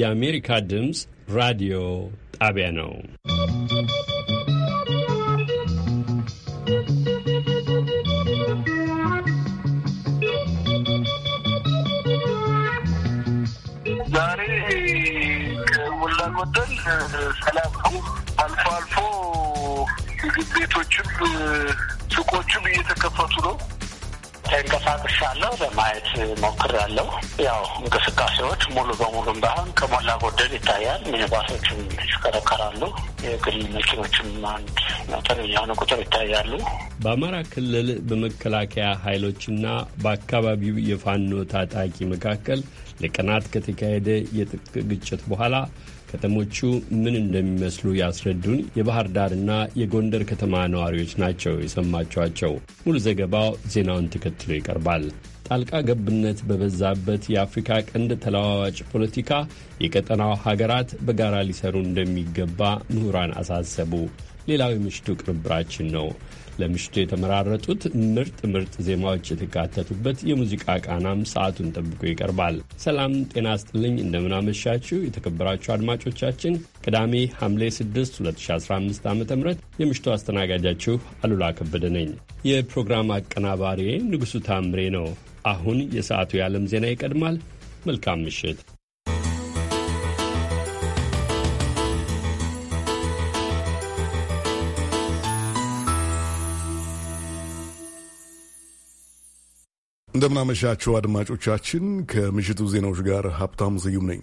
የአሜሪካ ድምፅ ራዲዮ ጣቢያ ነው። ዛሬ ከሞላ ጎደል ሰላም ነው። አልፎ አልፎ ምግብ ቤቶችም ሱቆችም እየተከፈቱ ነው። ተንቀሳቅሻለሁ፣ ለማየት ሞክሬያለሁ። ያው እንቅስቃሴዎች ሙሉ በሙሉም ባይሆን ከሞላ ጎደል ይታያል። ሚኒባሶችም ይሽከረከራሉ፣ የግል መኪኖችም አንድ መጠነኛ የሆነ ቁጥር ይታያሉ። በአማራ ክልል በመከላከያ ኃይሎችና በአካባቢው የፋኖ ታጣቂ መካከል ለቀናት ከተካሄደ የጥብቅ ግጭት በኋላ ከተሞቹ ምን እንደሚመስሉ ያስረዱን የባህር ዳርና የጎንደር ከተማ ነዋሪዎች ናቸው የሰማችኋቸው። ሙሉ ዘገባው ዜናውን ተከትሎ ይቀርባል። ጣልቃ ገብነት በበዛበት የአፍሪካ ቀንድ ተለዋዋጭ ፖለቲካ የቀጠናው ሀገራት በጋራ ሊሰሩ እንደሚገባ ምሁራን አሳሰቡ። ሌላው የምሽቱ ቅንብራችን ነው። ለምሽቱ የተመራረጡት ምርጥ ምርጥ ዜማዎች የተካተቱበት የሙዚቃ ቃናም ሰዓቱን ጠብቆ ይቀርባል። ሰላም ጤና ስጥልኝ፣ እንደምናመሻችሁ የተከበራችሁ አድማጮቻችን። ቅዳሜ ሐምሌ 6 2015 ዓ ም የምሽቱ አስተናጋጃችሁ አሉላ ከበደ ነኝ። የፕሮግራም አቀናባሪ ንጉሡ ታምሬ ነው። አሁን የሰዓቱ የዓለም ዜና ይቀድማል። መልካም ምሽት። እንደምናመሻችሁ አድማጮቻችን፣ ከምሽቱ ዜናዎች ጋር ሀብታሙ ስዩም ነኝ።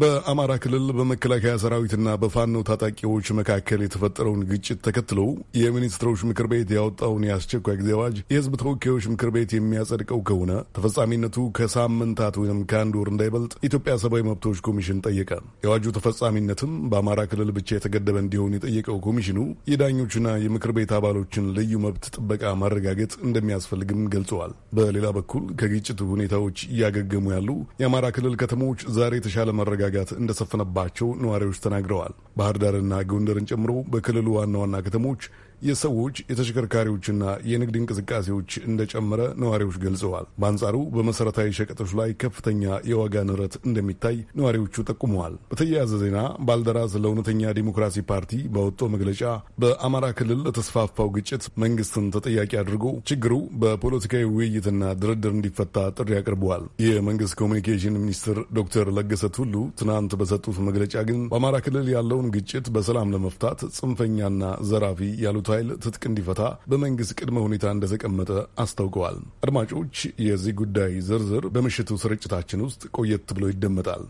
በአማራ ክልል በመከላከያ ሰራዊትና በፋኖ ታጣቂዎች መካከል የተፈጠረውን ግጭት ተከትሎ የሚኒስትሮች ምክር ቤት ያወጣውን የአስቸኳይ ጊዜ አዋጅ የሕዝብ ተወካዮች ምክር ቤት የሚያጸድቀው ከሆነ ተፈጻሚነቱ ከሳምንታት ወይም ከአንድ ወር እንዳይበልጥ ኢትዮጵያ ሰብአዊ መብቶች ኮሚሽን ጠየቀ። የአዋጁ ተፈጻሚነትም በአማራ ክልል ብቻ የተገደበ እንዲሆን የጠየቀው ኮሚሽኑ የዳኞችና የምክር ቤት አባሎችን ልዩ መብት ጥበቃ ማረጋገጥ እንደሚያስፈልግም ገልጸዋል። በሌላ በኩል ከግጭቱ ሁኔታዎች እያገገሙ ያሉ የአማራ ክልል ከተሞች ዛሬ የተሻለ መረጋ አለመረጋጋት እንደሰፈነባቸው ነዋሪዎች ተናግረዋል። ባህር ዳርና ጎንደርን ጨምሮ በክልሉ ዋና ዋና ከተሞች የሰዎች የተሽከርካሪዎችና የንግድ እንቅስቃሴዎች እንደጨመረ ነዋሪዎች ገልጸዋል። በአንጻሩ በመሠረታዊ ሸቀጦች ላይ ከፍተኛ የዋጋ ንረት እንደሚታይ ነዋሪዎቹ ጠቁመዋል። በተያያዘ ዜና ባልደራስ ለእውነተኛ ዲሞክራሲ ፓርቲ ባወጣው መግለጫ በአማራ ክልል ለተስፋፋው ግጭት መንግስትን ተጠያቂ አድርጎ ችግሩ በፖለቲካዊ ውይይትና ድርድር እንዲፈታ ጥሪ አቅርበዋል። የመንግስት ኮሚኒኬሽን ሚኒስትር ዶክተር ለገሰ ቱሉ ትናንት በሰጡት መግለጫ ግን በአማራ ክልል ያለውን ግጭት በሰላም ለመፍታት ጽንፈኛና ዘራፊ ያሉት ኃይል ትጥቅ እንዲፈታ በመንግስት ቅድመ ሁኔታ እንደተቀመጠ አስታውቀዋል። አድማጮች፣ የዚህ ጉዳይ ዝርዝር በምሽቱ ስርጭታችን ውስጥ ቆየት ብሎ ይደመጣል።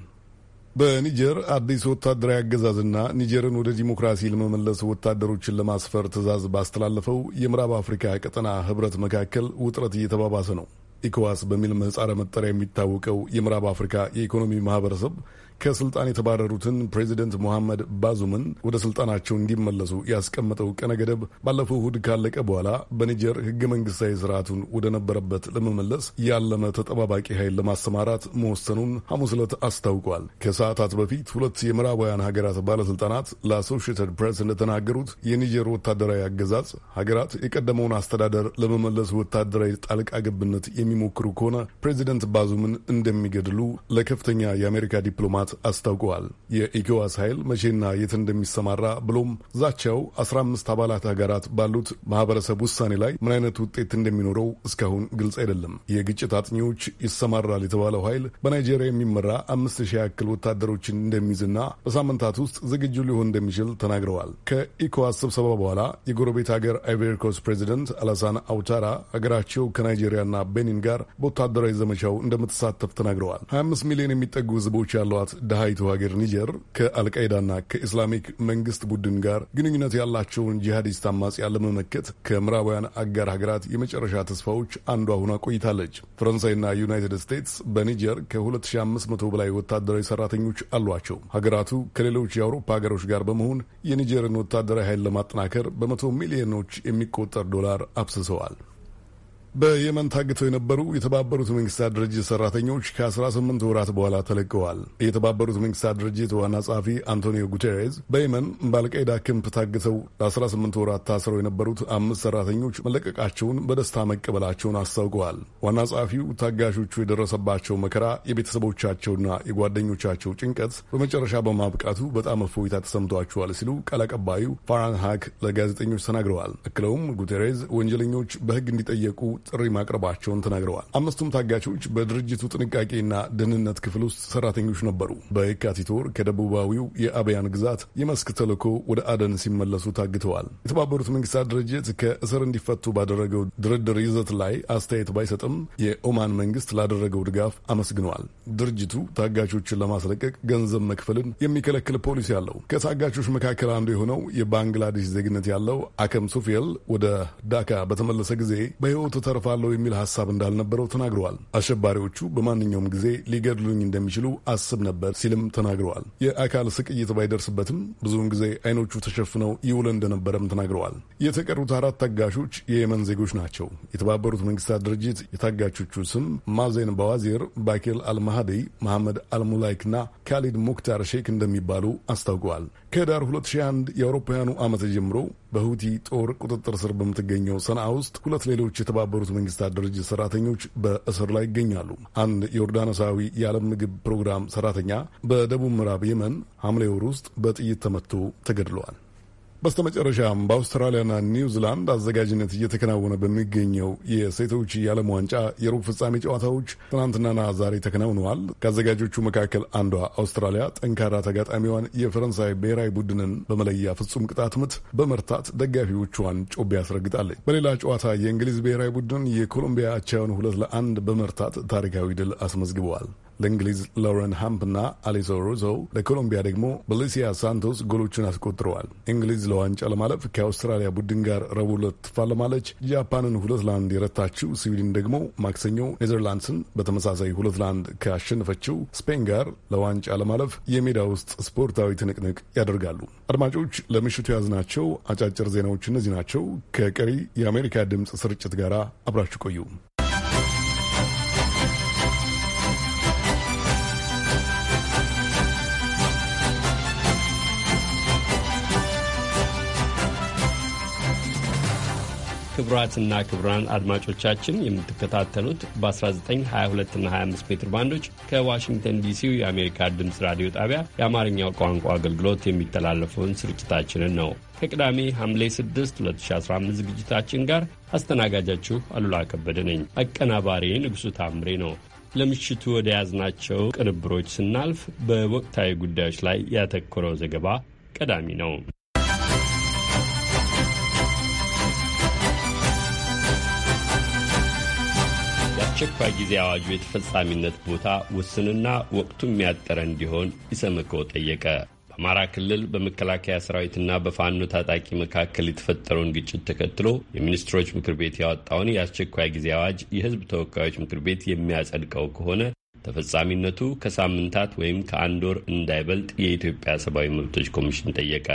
በኒጀር አዲስ ወታደራዊ አገዛዝና ኒጀርን ወደ ዲሞክራሲ ለመመለስ ወታደሮችን ለማስፈር ትዕዛዝ ባስተላለፈው የምዕራብ አፍሪካ ቀጠና ህብረት መካከል ውጥረት እየተባባሰ ነው። ኢኮዋስ በሚል ምህጻረ መጠሪያ የሚታወቀው የምዕራብ አፍሪካ የኢኮኖሚ ማህበረሰብ ከስልጣን የተባረሩትን ፕሬዚደንት ሞሐመድ ባዙምን ወደ ስልጣናቸው እንዲመለሱ ያስቀመጠው ቀነ ገደብ ባለፈው እሁድ ካለቀ በኋላ በኒጀር ህገ መንግስታዊ ስርዓቱን ወደ ነበረበት ለመመለስ ያለመ ተጠባባቂ ኃይል ለማሰማራት መወሰኑን ሐሙስ ዕለት አስታውቋል። ከሰዓታት በፊት ሁለት የምዕራባውያን ሀገራት ባለስልጣናት ለአሶሽትድ ፕሬስ እንደተናገሩት የኒጀር ወታደራዊ አገዛዝ ሀገራት የቀደመውን አስተዳደር ለመመለስ ወታደራዊ ጣልቃ ገብነት የሚሞክሩ ከሆነ ፕሬዚደንት ባዙምን እንደሚገድሉ ለከፍተኛ የአሜሪካ ዲፕሎማት አስታውቀዋል። የኢኮዋስ ኃይል መቼና የት እንደሚሰማራ ብሎም ዛቻው አምስት አባላት ሀገራት ባሉት ማህበረሰብ ውሳኔ ላይ ምን አይነት ውጤት እንደሚኖረው እስካሁን ግልጽ አይደለም። የግጭት አጥኚዎች ይሰማራል የተባለው ኃይል በናይጄሪያ የሚመራ አምስት ሺህ ያክል ወታደሮችን እንደሚይዝና በሳምንታት ውስጥ ዝግጁ ሊሆን እንደሚችል ተናግረዋል። ከኢኮዋስ ስብሰባ በኋላ የጎረቤት ሀገር አይቬሪኮስ ፕሬዚደንት አላሳን አውታራ ሀገራቸው ከናይጄሪያና ቤኒን ጋር በወታደራዊ ዘመቻው እንደምትሳተፍ ተናግረዋል። 25 ሚሊዮን የሚጠጉ ህዝቦች ያሏት ድሃይቱ ሀገር ኒጀር ከአልቃይዳና ከኢስላሚክ መንግስት ቡድን ጋር ግንኙነት ያላቸውን ጂሃዲስት አማጽያ ለመመከት ከምዕራባውያን አጋር ሀገራት የመጨረሻ ተስፋዎች አንዷ ሆና ቆይታለች። ፈረንሳይና ዩናይትድ ስቴትስ በኒጀር ከ2500 በላይ ወታደራዊ ሰራተኞች አሏቸው። ሀገራቱ ከሌሎች የአውሮፓ ሀገሮች ጋር በመሆን የኒጀርን ወታደራዊ ኃይል ለማጠናከር በመቶ ሚሊዮኖች የሚቆጠር ዶላር አብስሰዋል። በየመን ታግተው የነበሩ የተባበሩት መንግስታት ድርጅት ሰራተኞች ከ18 ወራት በኋላ ተለቀዋል። የተባበሩት መንግስታት ድርጅት ዋና ጸሐፊ አንቶኒዮ ጉቴሬዝ በየመን በአልቃይዳ ክንፍ ታግተው ለ18 ወራት ታስረው የነበሩት አምስት ሰራተኞች መለቀቃቸውን በደስታ መቀበላቸውን አስታውቀዋል። ዋና ጸሐፊው ታጋሾቹ የደረሰባቸው መከራ፣ የቤተሰቦቻቸውና የጓደኞቻቸው ጭንቀት በመጨረሻ በማብቃቱ በጣም እፎይታ ተሰምቷቸዋል ሲሉ ቃል አቀባዩ ፋራን ሃክ ለጋዜጠኞች ተናግረዋል። አክለውም ጉቴሬዝ ወንጀለኞች በህግ እንዲጠየቁ ጥሪ ማቅረባቸውን ተናግረዋል። አምስቱም ታጋቾች በድርጅቱ ጥንቃቄና ደህንነት ክፍል ውስጥ ሰራተኞች ነበሩ። በየካቲት ወር ከደቡባዊው የአብያን ግዛት የመስክ ተልዕኮ ወደ አደን ሲመለሱ ታግተዋል። የተባበሩት መንግስታት ድርጅት ከእስር እንዲፈቱ ባደረገው ድርድር ይዘት ላይ አስተያየት ባይሰጥም የኦማን መንግስት ላደረገው ድጋፍ አመስግነዋል። ድርጅቱ ታጋቾችን ለማስለቀቅ ገንዘብ መክፈልን የሚከለክል ፖሊሲ አለው። ከታጋቾች መካከል አንዱ የሆነው የባንግላዴሽ ዜግነት ያለው አከም ሱፌል ወደ ዳካ በተመለሰ ጊዜ በህይወቱ እተርፋለሁ የሚል ሀሳብ እንዳልነበረው ተናግረዋል። አሸባሪዎቹ በማንኛውም ጊዜ ሊገድሉኝ እንደሚችሉ አስብ ነበር ሲልም ተናግረዋል። የአካል ስቅይት ባይደርስበትም ብዙውን ጊዜ አይኖቹ ተሸፍነው ይውል እንደነበረም ተናግረዋል። የተቀሩት አራት ታጋሾች የየመን ዜጎች ናቸው። የተባበሩት መንግስታት ድርጅት የታጋቾቹ ስም ማዜን በዋዚር፣ ባኬል አልማሃዲ፣ መሐመድ አልሙላይክና ካሊድ ሙክታር ሼክ እንደሚባሉ አስታውቀዋል። ከህዳር 2001 የአውሮፓውያኑ ዓመት ጀምሮ በሁቲ ጦር ቁጥጥር ስር በምትገኘው ሰንዓ ውስጥ ሁለት ሌሎች የተባበሩ የተባበሩት መንግስታት ድርጅት ሰራተኞች በእስር ላይ ይገኛሉ። አንድ ዮርዳኖሳዊ የዓለም ምግብ ፕሮግራም ሰራተኛ በደቡብ ምዕራብ የመን ሐምሌ ወር ውስጥ በጥይት ተመትቶ ተገድለዋል። በስተመጨረሻም በአውስትራሊያና ኒውዚላንድ አዘጋጅነት እየተከናወነ በሚገኘው የሴቶች የዓለም ዋንጫ የሩብ ፍጻሜ ጨዋታዎች ትናንትናና ዛሬ ተከናውነዋል። ከአዘጋጆቹ መካከል አንዷ አውስትራሊያ ጠንካራ ተጋጣሚዋን የፈረንሳይ ብሔራዊ ቡድንን በመለያ ፍጹም ቅጣት ምት በመርታት ደጋፊዎቿን ጮቤ ያስረግጣለች። በሌላ ጨዋታ የእንግሊዝ ብሔራዊ ቡድን የኮሎምቢያ አቻውን ሁለት ለአንድ በመርታት ታሪካዊ ድል አስመዝግበዋል። ለእንግሊዝ ሎረን ሃምፕና አሊሶ ሩዞ፣ ለኮሎምቢያ ደግሞ በሊሲያ ሳንቶስ ጎሎቹን አስቆጥረዋል። እንግሊዝ ለዋንጫ ለማለፍ ከአውስትራሊያ ቡድን ጋር ረቡዕ ዕለት ትፋለማለች። ጃፓንን ሁለት ለአንድ የረታችው ስዊድን ደግሞ ማክሰኞ ኔዘርላንድስን በተመሳሳይ ሁለት ለአንድ ካሸነፈችው ስፔን ጋር ለዋንጫ ለማለፍ የሜዳ ውስጥ ስፖርታዊ ትንቅንቅ ያደርጋሉ። አድማጮች ለምሽቱ የያዝናቸው አጫጭር ዜናዎች እነዚህ ናቸው። ከቀሪ የአሜሪካ ድምፅ ስርጭት ጋር አብራችሁ ቆዩ። ክቡራትና ክቡራን አድማጮቻችን የምትከታተሉት በ1922 እና 25 ሜትር ባንዶች ከዋሽንግተን ዲሲው የአሜሪካ ድምፅ ራዲዮ ጣቢያ የአማርኛው ቋንቋ አገልግሎት የሚተላለፈውን ስርጭታችንን ነው። ከቅዳሜ ሐምሌ 6 2015 ዝግጅታችን ጋር አስተናጋጃችሁ አሉላ ከበደ ነኝ። አቀናባሪ ንጉሡ ታምሬ ነው። ለምሽቱ ወደ ያዝናቸው ቅንብሮች ስናልፍ በወቅታዊ ጉዳዮች ላይ ያተኮረው ዘገባ ቀዳሚ ነው። የአስቸኳይ ጊዜ አዋጁ የተፈጻሚነት ቦታ ውስንና ወቅቱም ያጠረ እንዲሆን ኢሰመኮ ጠየቀ። በአማራ ክልል በመከላከያ ሰራዊትና በፋኖ ታጣቂ መካከል የተፈጠረውን ግጭት ተከትሎ የሚኒስትሮች ምክር ቤት ያወጣውን የአስቸኳይ ጊዜ አዋጅ የሕዝብ ተወካዮች ምክር ቤት የሚያጸድቀው ከሆነ ተፈጻሚነቱ ከሳምንታት ወይም ከአንድ ወር እንዳይበልጥ የኢትዮጵያ ሰብአዊ መብቶች ኮሚሽን ጠየቀ።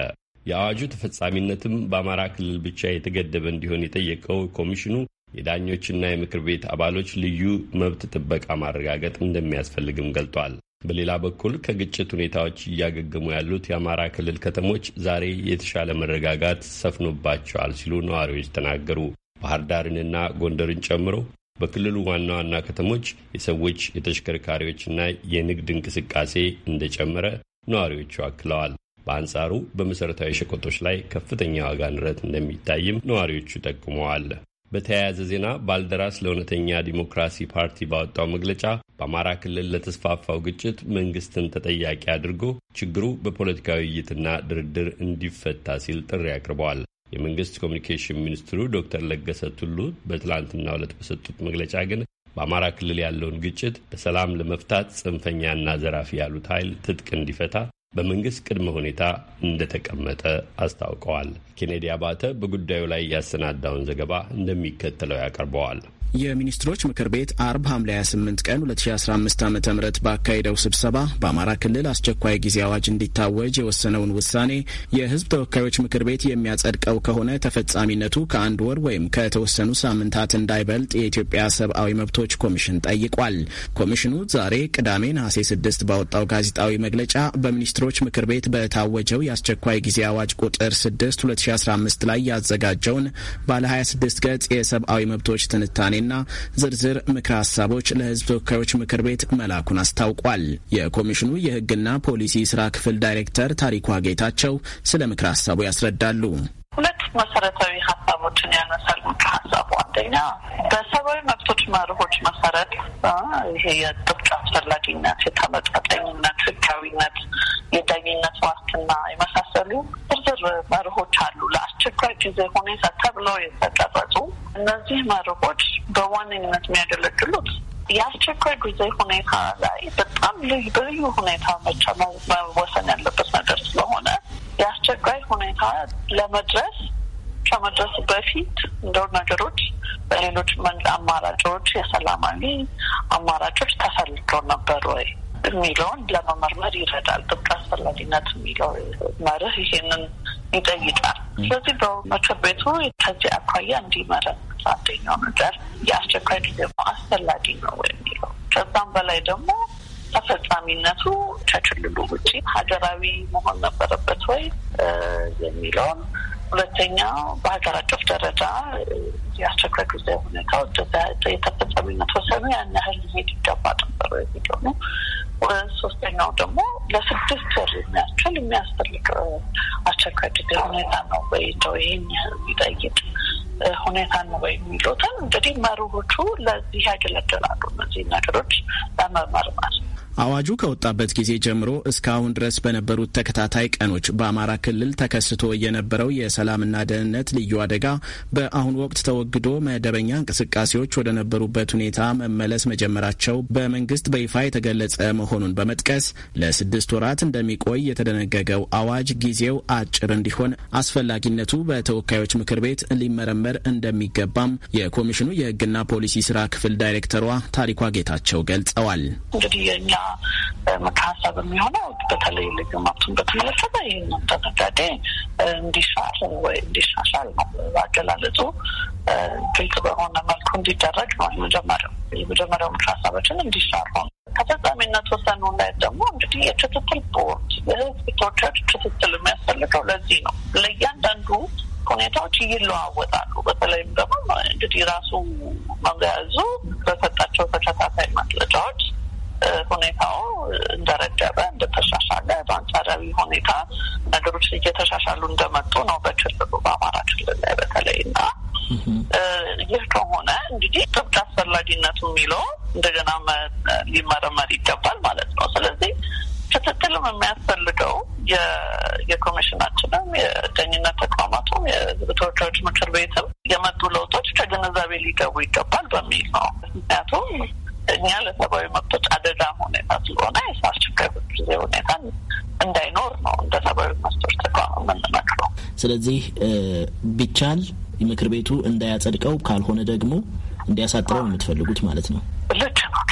የአዋጁ ተፈጻሚነትም በአማራ ክልል ብቻ የተገደበ እንዲሆን የጠየቀው ኮሚሽኑ የዳኞችና የምክር ቤት አባሎች ልዩ መብት ጥበቃ ማረጋገጥ እንደሚያስፈልግም ገልጧል። በሌላ በኩል ከግጭት ሁኔታዎች እያገገሙ ያሉት የአማራ ክልል ከተሞች ዛሬ የተሻለ መረጋጋት ሰፍኖባቸዋል ሲሉ ነዋሪዎች ተናገሩ። ባህር ዳርንና ጎንደርን ጨምሮ በክልሉ ዋና ዋና ከተሞች የሰዎች የተሽከርካሪዎችና የንግድ እንቅስቃሴ እንደጨመረ ነዋሪዎቹ አክለዋል። በአንጻሩ በመሠረታዊ ሸቀጦች ላይ ከፍተኛ ዋጋ ንረት እንደሚታይም ነዋሪዎቹ ጠቁመዋል። በተያያዘ ዜና ባልደራስ ለእውነተኛ ዲሞክራሲ ፓርቲ ባወጣው መግለጫ በአማራ ክልል ለተስፋፋው ግጭት መንግስትን ተጠያቂ አድርጎ ችግሩ በፖለቲካዊ ውይይትና ድርድር እንዲፈታ ሲል ጥሪ አቅርበዋል። የመንግስት ኮሚኒኬሽን ሚኒስትሩ ዶክተር ለገሰ ቱሉ በትላንትናው ዕለት በሰጡት መግለጫ ግን በአማራ ክልል ያለውን ግጭት በሰላም ለመፍታት ጽንፈኛና ዘራፊ ያሉት ኃይል ትጥቅ እንዲፈታ በመንግስት ቅድመ ሁኔታ እንደተቀመጠ አስታውቀዋል። ኬኔዲ አባተ በጉዳዩ ላይ ያሰናዳውን ዘገባ እንደሚከተለው ያቀርበዋል። የሚኒስትሮች ምክር ቤት አርብ ሐምሌ 28 ቀን 2015 ዓ ም ባካሄደው ስብሰባ በአማራ ክልል አስቸኳይ ጊዜ አዋጅ እንዲታወጅ የወሰነውን ውሳኔ የሕዝብ ተወካዮች ምክር ቤት የሚያጸድቀው ከሆነ ተፈጻሚነቱ ከአንድ ወር ወይም ከተወሰኑ ሳምንታት እንዳይበልጥ የኢትዮጵያ ሰብአዊ መብቶች ኮሚሽን ጠይቋል። ኮሚሽኑ ዛሬ ቅዳሜ ነሐሴ 6 ባወጣው ጋዜጣዊ መግለጫ በሚኒስትሮች ምክር ቤት በታወጀው የአስቸኳይ ጊዜ አዋጅ ቁጥር 6 2015 ላይ ያዘጋጀውን ባለ 26 ገጽ የሰብአዊ መብቶች ትንታኔ ውሳኔና ዝርዝር ምክረ ሀሳቦች ለህዝብ ተወካዮች ምክር ቤት መላኩን አስታውቋል። የኮሚሽኑ የህግና ፖሊሲ ስራ ክፍል ዳይሬክተር ታሪኩ ጌታቸው ስለ ምክረ ሀሳቡ ያስረዳሉ። ሁለት መሰረታዊ ሀሳቦችን ያነሳል ምክር ሀሳቡ። አንደኛ በሰብአዊ መብቶች መርሆች መሰረት ይሄ የጥብቅ አስፈላጊነት፣ የተመጣጠኝነት፣ ህጋዊነት፣ የዳኝነት ዋስትና የመሳሰሉ ዝርዝር መርሆች አሉ ለአስቸኳይ ጊዜ ሁኔታ ተብለው የተቀረጹ። እነዚህ መርሆች በዋነኝነት የሚያገለግሉት የአስቸኳይ ጊዜ ሁኔታ ላይ በጣም ልዩ በልዩ ሁኔታ መቻ መወሰን ያለበት ነገር ስለሆነ የአስቸኳይ ሁኔታ ለመድረስ ከመድረስ በፊት እንደው ነገሮች በሌሎች አማራጮች የሰላማዊ አማራጮች ተፈልገው ነበር ወይ የሚለውን ለመመርመር ይረዳል። ጥብቅ አስፈላጊነት የሚለው መርህ ይሄንን ይጠይቃል። ስለዚህ በምክር ቤቱ ከዚህ አኳያ እንዲመረምር አንደኛው ነገር የአስቸኳይ ጊዜ አስፈላጊ ነው የሚለው ከዛም በላይ ደግሞ ተፈጻሚነቱ ከክልሉ ውጭ ሀገራዊ መሆን ነበረበት ወይ የሚለውን ሁለተኛው በሀገር አቀፍ ደረጃ የአስቸኳይ ጊዜ ሁኔታ የተፈጻሚነት ወሰኑ ያን ያህል ሄድ ይገባ ነበረ የሚለው ሶስተኛው ደግሞ ለስድስት ወር የሚያስችል የሚያስፈልግ አስቸኳይ ጊዜ ሁኔታ ነው ወይ እንደው ይህን የሚጠይቅ ሁኔታ ነው ወይ የሚሉትን እንግዲህ መርሆቹ ለዚህ ያገለግላሉ እነዚህ ነገሮች ለመመርመር አዋጁ ከወጣበት ጊዜ ጀምሮ እስካሁን ድረስ በነበሩት ተከታታይ ቀኖች በአማራ ክልል ተከስቶ የነበረው የሰላምና ደህንነት ልዩ አደጋ በአሁኑ ወቅት ተወግዶ መደበኛ እንቅስቃሴዎች ወደ ነበሩበት ሁኔታ መመለስ መጀመራቸው በመንግስት በይፋ የተገለጸ መሆኑን በመጥቀስ ለስድስት ወራት እንደሚቆይ የተደነገገው አዋጅ ጊዜው አጭር እንዲሆን አስፈላጊነቱ በተወካዮች ምክር ቤት ሊመረመር እንደሚገባም የኮሚሽኑ የህግና ፖሊሲ ስራ ክፍል ዳይሬክተሯ ታሪኳ ጌታቸው ገልጸዋል። እንግዲህ የእኛ ሀሳብ የሚሆነው በተለይ ልዩ መብቱን በተመለከተ ይህንን ድንጋጌ እንዲሻር ወይ እንዲሻሻል ነው። አገላለጹ ግልጽ በሆነ መልኩ እንዲደረግ ነው የመጀመሪያው የመጀመሪያው ምክር ሀሳቦችን እንዲሻር ነው። ተፈጻሚነት ወሰኑ ላይ ደግሞ እንግዲህ የክትትል ቦርድ የህዝብ ተወካዮች ክትትል የሚያስፈልገው ለዚህ ነው። ለእያንዳንዱ ሁኔታዎች ይለዋወጣሉ። በተለይም ደግሞ እንግዲህ ራሱ መምሪያ ያዙ በሰጣቸው ተከታታይ መግለጫዎች ሁኔታው እንደረጀበ እንደተሻሻለ በአንጻራዊ ሁኔታ ነገሮች እየተሻሻሉ እንደመጡ ነው በክልሉ በአማራ ክልል ላይ በተለይ እና ይህ ከሆነ እንግዲህ ጥብቅ አስፈላጊነቱ የሚለው እንደገና ሊመረመር ይገባል ማለት ነው። ስለዚህ ክትትልም የሚያስፈልገው የኮሚሽናችንም የደኝነት ተቋማቱም የሕዝብ ተወካዮች ምክር ቤትም የመጡ ለውጦች ከግንዛቤ ሊገቡ ይገባል በሚል ነው ምክንያቱም ከፍተኛ ለሰብአዊ መብቶች አደጋ ሁኔታ ስለሆነ የአስቸኳይ ጊዜ ሁኔታ እንዳይኖር ነው እንደ ሰብአዊ መብቶች ተቋም የምንመክረው። ስለዚህ ቢቻል ምክር ቤቱ እንዳያጸድቀው ካልሆነ ደግሞ እንዲያሳጥረው የምትፈልጉት ማለት ነው። ልክ ነው።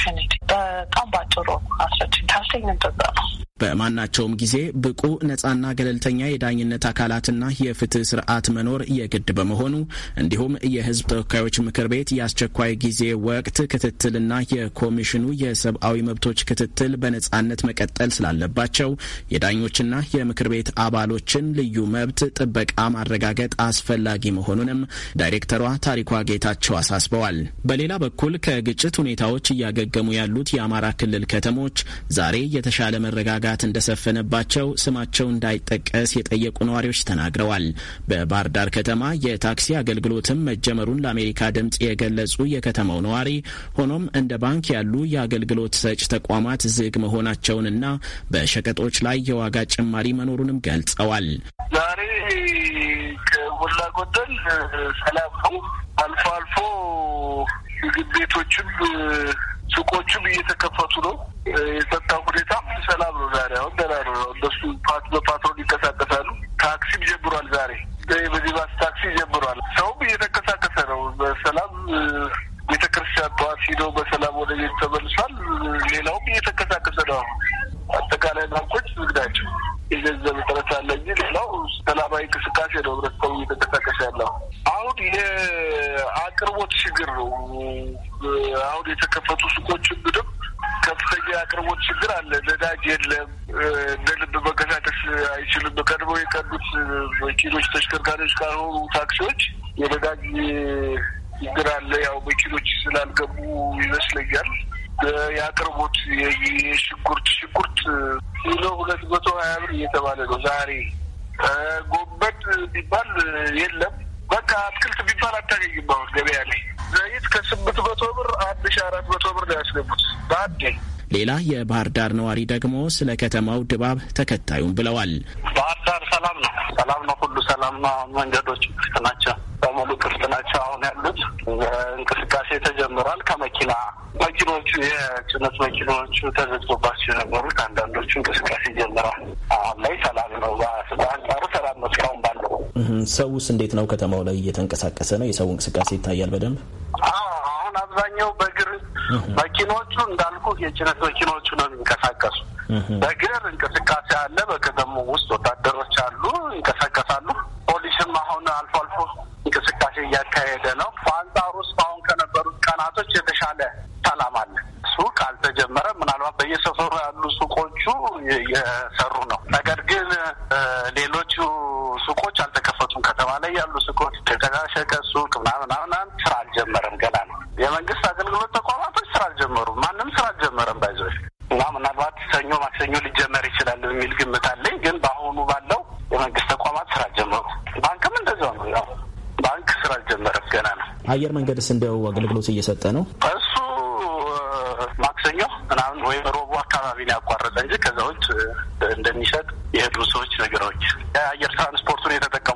በጣም ባጭሩ አስረጅ ካልሰኝ እንደዛ ነው። በማናቸውም ጊዜ ብቁ ነጻና ገለልተኛ የዳኝነት አካላትና የፍትህ ስርዓት መኖር የግድ በመሆኑ እንዲሁም የህዝብ ተወካዮች ምክር ቤት የአስቸኳይ ጊዜ ወቅት ክትትልና የኮሚሽኑ የሰብአዊ መብቶች ክትትል በነጻነት መቀጠል ስላለባቸው የዳኞችና የምክር ቤት አባሎችን ልዩ መብት ጥበቃ ማረጋገጥ አስፈላጊ መሆኑንም ዳይሬክተሯ ታሪኳ ጌታቸው አሳስበዋል። በሌላ በኩል ከግጭት ሁኔታዎች እያገገሙ ያሉት የአማራ ክልል ከተሞች ዛሬ የተሻለ መረጋጋት ጉዳት እንደሰፈነባቸው ስማቸው እንዳይጠቀስ የጠየቁ ነዋሪዎች ተናግረዋል። በባህር ዳር ከተማ የታክሲ አገልግሎትም መጀመሩን ለአሜሪካ ድምፅ የገለጹ የከተማው ነዋሪ ሆኖም እንደ ባንክ ያሉ የአገልግሎት ሰጭ ተቋማት ዝግ መሆናቸውንና በሸቀጦች ላይ የዋጋ ጭማሪ መኖሩንም ገልጸዋል። ዛሬ ከሞላ ጎደል ሰላም ነው። አልፎ አልፎ ምግብ ቤቶችም ሱቆቹም እየተከፈቱ ነው። የጸጥታው ሁኔታ ሰላም ነው። ዛሬ አሁን ደህና ነው። እነሱ በፓትሮል ይንቀሳቀሳሉ። ታክሲም ጀምሯል። ዛሬ በዚህ ታክሲ ጀምሯል። ሰውም እየተንቀሳቀሰ ነው በሰላም ቤተክርስቲያን ጠዋት ሂዶ በሰላም ወደ ቤት ተመልሷል። ሌላውም እየተንቀሳቀሰ ነው። አጠቃላይ ባንኮች ዝግ ናቸው። የገንዘብ እጥረት አለ እንጂ ሌላው ሰላማዊ እንቅስቃሴ ነው ህብረተሰቡ እየተንቀሳቀሰ ያለው። አሁን የአቅርቦት ችግር ነው። አሁን የተከፈቱ ሱቆች ብድም ከፍተኛ የአቅርቦት ችግር አለ። ነዳጅ የለም። እንደ ልብ መንቀሳቀስ አይችልም። ቀድመው የቀዱት መኪኖች፣ ተሽከርካሪዎች ካልሆኑ ታክሲዎች የነዳጅ ችግር አለ። ያው መኪኖች ስላልገቡ ይመስለኛል የአቅርቦት የሽንኩርት ሽንኩርት ኪሎ ሁለት መቶ ሀያ ብር እየተባለ ነው ዛሬ። ጎመን ቢባል የለም በቃ አትክልት ቢባል አታገኝም አሁን ገበያ ላይ። ዘይት ከስምንት መቶ ብር አንድ ሺ አራት መቶ ብር ነው ያስገቡት በአንዴ። ሌላ የባህር ዳር ነዋሪ ደግሞ ስለ ከተማው ድባብ ተከታዩም ብለዋል። ባህር ዳር ሰላም ነው፣ ሰላም ነው፣ ሁሉ ሰላም ነው። መንገዶች ክፍት ናቸው። በሙሉ ክፍት ናቸው አሁን ያሉት። እንቅስቃሴ ተጀምሯል። ከመኪና መኪኖቹ የጭነት መኪኖቹ ተዘግቶባቸው የነበሩት አንዳንዶቹ እንቅስቃሴ ጀምሯል። አሁን ላይ ሰላም ነው። በአንጻሩ ሰላም ነው እስካሁን ባለው። ሰውስ እንዴት ነው? ከተማው ላይ እየተንቀሳቀሰ ነው? የሰው እንቅስቃሴ ይታያል በደንብ አሁን አብዛኛው በእግር መኪኖቹ እንዳልኩ የጭነት መኪኖቹ ነው የሚንቀሳቀሱ። በእግር እንቅስቃሴ አለ። በከተማው ውስጥ ወታደሮች አሉ፣ ይንቀሳቀሳሉ። ፖሊስም አሁን አልፎ አልፎ እንቅስቃሴ እያካሄደ ነው። በአንጻሩ ውስጥ አሁን ከነበሩት ቀናቶች የተሻለ ሰላም አለ። ሱቅ አልተጀመረም። ምናልባት በየሰፈሩ ያሉ ሱቆቹ እየሰሩ ነው። ነገር ግን ሌሎቹ ሱቆች አልተከፈቱም። ከተማ ላይ ያሉ ሱቆች የተሸቀሸቀ ሱቅ ምናምናምናም ስራ አልጀመረም። ገና ነው። የመንግስት አገልግሎት ተቋማቶች ስራ አልጀመሩም። ማንም ስራ አልጀመረም። ባይዘች እና ምናልባት ሰኞ ማክሰኞ ሊጀመር ይችላል የሚል ግምት አለኝ። ግን በአሁኑ ባለው የመንግስት ተቋማት ስራ አየር መንገድስ እንደው አገልግሎት እየሰጠ ነው? እሱ ማክሰኞ ምናምን ወይም ሮቡ አካባቢ ነው ያቋረጠ እንጂ ከዛ ውጭ እንደሚሰጥ የህዱ ሰዎች ነገሮች የአየር ትራንስፖርቱን የተጠቀሙ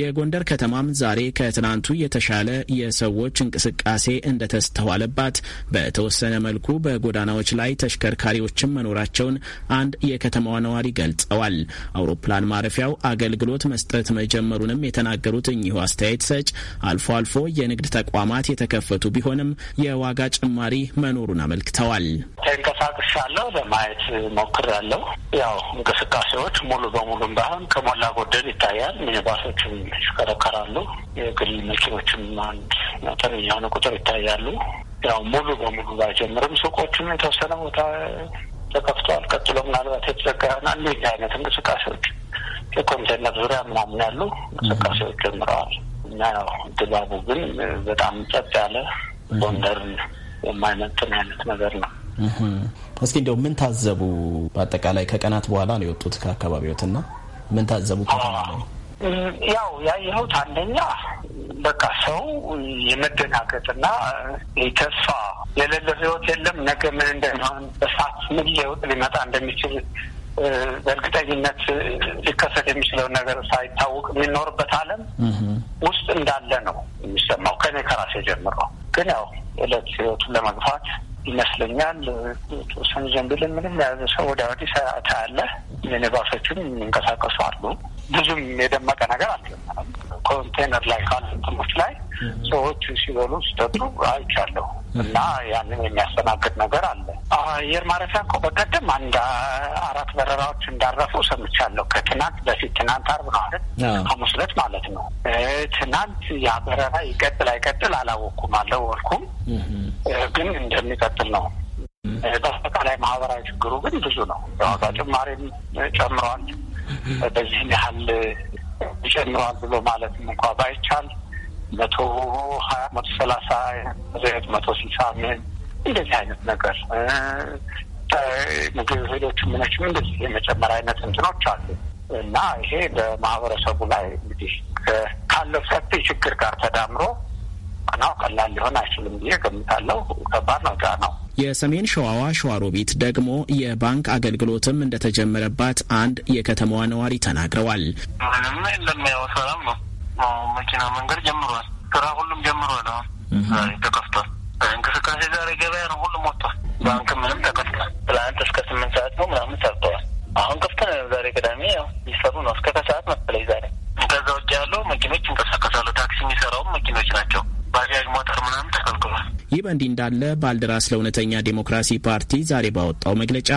የጎንደር ከተማም ዛሬ ከትናንቱ የተሻለ የሰዎች እንቅስቃሴ እንደተስተዋለባት፣ በተወሰነ መልኩ በጎዳናዎች ላይ ተሽከርካሪዎችም መኖራቸውን አንድ የከተማዋ ነዋሪ ገልጸዋል። አውሮፕላን ማረፊያው አገልግሎት መስጠት መጀመሩንም የተናገሩት እኚሁ አስተያየት ሰጭ አልፎ አልፎ የንግድ ተቋማት የተከፈቱ ቢሆንም የዋጋ ጭማሪ መኖሩን አመልክተዋል። ተንቀሳቅሻለሁ፣ ለማየት ሞክሬያለሁ። ያው እንቅስቃሴዎች ሙሉ በሙሉም ባይሆን ከሞላ ጎደል ይታያል። ሚኒባሶችም ይሽከረከራሉ። የግል መኪኖችም አንድ መጠን የሆነ ቁጥር ይታያሉ። ያው ሙሉ በሙሉ ባይጀምርም ሱቆችም የተወሰነ ቦታ ተከፍተዋል። ቀጥሎ ምናልባት የተዘጋ ይሆናል። ይህ አይነት እንቅስቃሴዎች የኮንቴነር ዙሪያ ምናምን ያሉ እንቅስቃሴዎች ጀምረዋል እና ያው ድባቡ ግን በጣም ጸጥ ያለ ጎንደርን የማይመጥን አይነት ነገር ነው። እስኪ እንደው ምን ታዘቡ? በአጠቃላይ ከቀናት በኋላ ነው የወጡት ከአካባቢዎትና ምን ታዘቡ ከተማ ያው ያየሁት አንደኛ በቃ ሰው የመደናገጥና ተስፋ የሌለ ህይወት የለም። ነገ ምን እንደሚሆን በሳት ምን ለውጥ ሊመጣ እንደሚችል በእርግጠኝነት ሊከሰት የሚችለውን ነገር ሳይታወቅ የሚኖርበት ዓለም ውስጥ እንዳለ ነው የሚሰማው። ከኔ ከራሴ ጀምሮ ግን ያው እለት ህይወቱን ለመግፋት ይመስለኛል ተወሰኑ ዘንብልን ምንም የያዘ ሰው ወዲያ ወዲህ ታያለህ። ሚኒባሶችም የሚንቀሳቀሱ አሉ። ብዙም የደመቀ ነገር አልገናም። ኮንቴነር ላይ ካሉ ትምህርት ላይ ሰዎቹ ሲበሉ ሲጠጡ አይቻለሁ እና ያንን የሚያስተናግድ ነገር አለ። አየር ማረፊያ እኮ በቀደም አንድ አራት በረራዎች እንዳረፉ ሰምቻለሁ። ከትናንት በፊት ትናንት አርብ ነው አይደል? ሐሙስ ዕለት ማለት ነው። ትናንት ያ በረራ ይቀጥል አይቀጥል አላወቅኩም፣ አልደወልኩም፣ ግን እንደሚቀጥል ነው። በአጠቃላይ ማህበራዊ ችግሩ ግን ብዙ ነው። የዋጋ ጭማሪም ጨምሯል። በዚህን ያህል ይጨምረዋል ብሎ ማለት እንኳ ባይቻል መቶ ሀያ መቶ ሰላሳ ዘት መቶ ስልሳ ምን እንደዚህ አይነት ነገር ምግብ እህሎች ምኖችም እንደዚህ የመጨመር አይነት እንትኖች አሉ እና ይሄ በማህበረሰቡ ላይ እንግዲህ ካለው ሰፊ ችግር ጋር ተዳምሮ ናው ቀላል ሊሆን አይችልም ብዬ ገምታለሁ። ከባድ ነው፣ ጫናው የሰሜን ሸዋዋ ሸዋሮቢት ደግሞ የባንክ አገልግሎትም እንደተጀመረባት አንድ የከተማዋ ነዋሪ ተናግረዋል። ምንም የለም፣ ያው ሰላም ነው። መኪና መንገድ ጀምሯል። ስራ ሁሉም ጀምሯል። አሁን ተከፍቷል እንቅስቃሴ። ዛሬ ገበያ ነው፣ ሁሉም ወጥቷል። ባንክ ምንም ተከፍቷል። ትላንት እስከ ስምንት ሰዓት ነው ምናምን ሰርተዋል። አሁን ክፍት ነው። ዛሬ ቅዳሜ ያው ይሰሩ ነው እስከ ከሰዓት መሰለኝ ዛሬ። ከዛ ውጭ ያለው መኪኖች እንቀሳቀሳሉ። ታክሲ የሚሰራውም መኪኖች ናቸው። ባጃጅ፣ ሞተር ምናምን ተከልክሏል። ይህ በእንዲህ እንዳለ ባልደራስ ለእውነተኛ ዴሞክራሲ ፓርቲ ዛሬ ባወጣው መግለጫ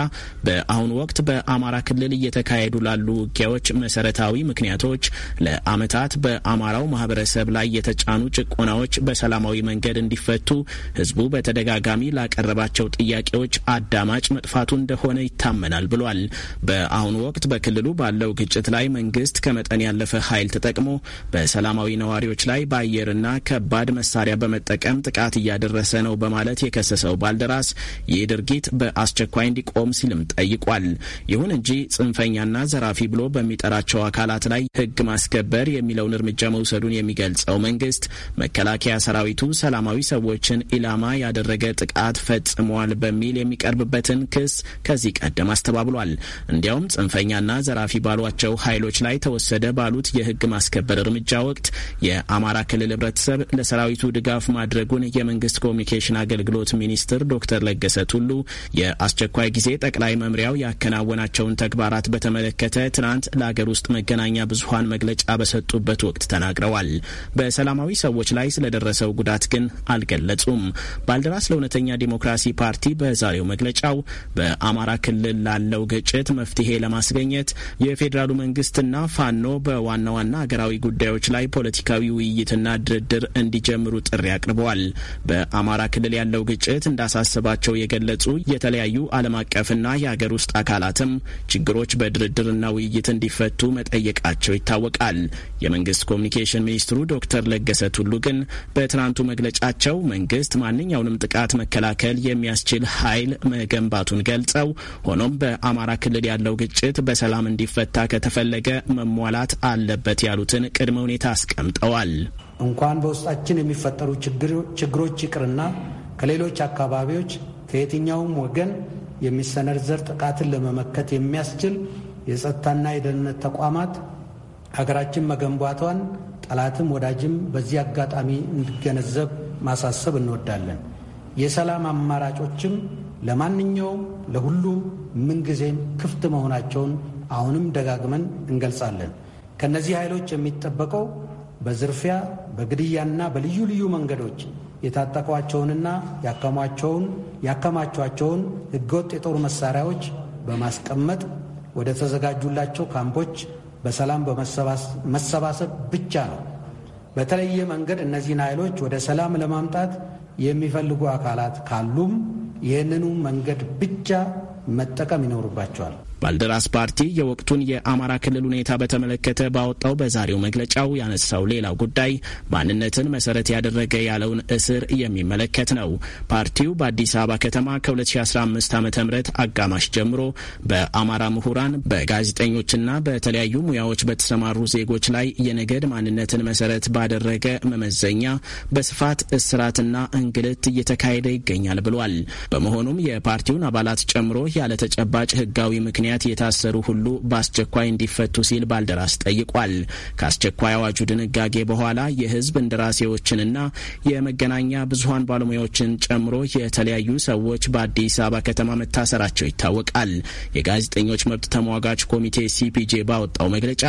በአሁኑ ወቅት በአማራ ክልል እየተካሄዱ ላሉ ውጊያዎች መሰረታዊ ምክንያቶች ለአመታት በአማራው ማህበረሰብ ላይ የተጫኑ ጭቆናዎች በሰላማዊ መንገድ እንዲፈቱ ህዝቡ በተደጋጋሚ ላቀረባቸው ጥያቄዎች አዳማጭ መጥፋቱ እንደሆነ ይታመናል ብሏል። በአሁኑ ወቅት በክልሉ ባለው ግጭት ላይ መንግስት ከመጠን ያለፈ ኃይል ተጠቅሞ በሰላማዊ ነዋሪዎች ላይ በአየርና ከባድ መ መሳሪያ በመጠቀም ጥቃት እያደረሰ ነው በማለት የከሰሰው ባልደራስ ይህ ድርጊት በአስቸኳይ እንዲቆም ሲልም ጠይቋል። ይሁን እንጂ ጽንፈኛና ዘራፊ ብሎ በሚጠራቸው አካላት ላይ ሕግ ማስከበር የሚለውን እርምጃ መውሰዱን የሚገልጸው መንግስት መከላከያ ሰራዊቱ ሰላማዊ ሰዎችን ኢላማ ያደረገ ጥቃት ፈጽሟል በሚል የሚቀርብበትን ክስ ከዚህ ቀደም አስተባብሏል። እንዲያውም ጽንፈኛና ዘራፊ ባሏቸው ኃይሎች ላይ ተወሰደ ባሉት የህግ ማስከበር እርምጃ ወቅት የአማራ ክልል ህብረተሰብ ለሰራዊ ሰራዊቱ ድጋፍ ማድረጉን የመንግስት ኮሚኒኬሽን አገልግሎት ሚኒስትር ዶክተር ለገሰ ቱሉ የአስቸኳይ ጊዜ ጠቅላይ መምሪያው ያከናወናቸውን ተግባራት በተመለከተ ትናንት ለአገር ውስጥ መገናኛ ብዙሀን መግለጫ በሰጡበት ወቅት ተናግረዋል። በሰላማዊ ሰዎች ላይ ስለደረሰው ጉዳት ግን አልገለጹም። ባልደራስ ለእውነተኛ ዲሞክራሲ ፓርቲ በዛሬው መግለጫው በአማራ ክልል ላለው ግጭት መፍትሄ ለማስገኘት የፌዴራሉ መንግስትና ፋኖ በዋና ዋና አገራዊ ጉዳዮች ላይ ፖለቲካዊ ውይይትና ድርድር እንዲጀምር እንዲጀምሩ ጥሪ አቅርበዋል። በአማራ ክልል ያለው ግጭት እንዳሳሰባቸው የገለጹ የተለያዩ ዓለም አቀፍና የሀገር ውስጥ አካላትም ችግሮች በድርድርና ውይይት እንዲፈቱ መጠየቃቸው ይታወቃል። የመንግስት ኮሚኒኬሽን ሚኒስትሩ ዶክተር ለገሰ ቱሉ ግን በትናንቱ መግለጫቸው መንግስት ማንኛውንም ጥቃት መከላከል የሚያስችል ኃይል መገንባቱን ገልጸው ሆኖም በአማራ ክልል ያለው ግጭት በሰላም እንዲፈታ ከተፈለገ መሟላት አለበት ያሉትን ቅድመ ሁኔታ አስቀምጠዋል። እንኳን በውስጣችን የሚፈጠሩ ችግሮች ይቅርና ከሌሎች አካባቢዎች ከየትኛውም ወገን የሚሰነዘር ጥቃትን ለመመከት የሚያስችል የጸጥታና የደህንነት ተቋማት ሀገራችን መገንባቷን ጠላትም ወዳጅም በዚህ አጋጣሚ እንዲገነዘብ ማሳሰብ እንወዳለን። የሰላም አማራጮችም ለማንኛውም ለሁሉም ምንጊዜም ክፍት መሆናቸውን አሁንም ደጋግመን እንገልጻለን። ከእነዚህ ኃይሎች የሚጠበቀው በዝርፊያ በግድያና በልዩ ልዩ መንገዶች የታጠቋቸውንና ያከማቸውን ያከማቿቸውን ህገወጥ የጦር መሳሪያዎች በማስቀመጥ ወደ ተዘጋጁላቸው ካምፖች በሰላም መሰባሰብ ብቻ ነው። በተለየ መንገድ እነዚህን ኃይሎች ወደ ሰላም ለማምጣት የሚፈልጉ አካላት ካሉም ይህንኑ መንገድ ብቻ መጠቀም ይኖርባቸዋል። ባልደራስ ፓርቲ የወቅቱን የአማራ ክልል ሁኔታ በተመለከተ ባወጣው በዛሬው መግለጫው ያነሳው ሌላው ጉዳይ ማንነትን መሰረት ያደረገ ያለውን እስር የሚመለከት ነው። ፓርቲው በአዲስ አበባ ከተማ ከ2015 ዓ ም አጋማሽ ጀምሮ በአማራ ምሁራን፣ በጋዜጠኞችና በተለያዩ ሙያዎች በተሰማሩ ዜጎች ላይ የነገድ ማንነትን መሰረት ባደረገ መመዘኛ በስፋት እስራትና እንግልት እየተካሄደ ይገኛል ብሏል። በመሆኑም የፓርቲውን አባላት ጨምሮ ያለ ተጨባጭ ህጋዊ ምክንያት የታሰሩ ሁሉ በአስቸኳይ እንዲፈቱ ሲል ባልደራስ ጠይቋል። ከአስቸኳይ አዋጁ ድንጋጌ በኋላ የህዝብ እንደራሴዎችንና የመገናኛ ብዙሀን ባለሙያዎችን ጨምሮ የተለያዩ ሰዎች በአዲስ አበባ ከተማ መታሰራቸው ይታወቃል። የጋዜጠኞች መብት ተሟጋች ኮሚቴ ሲፒጄ ባወጣው መግለጫ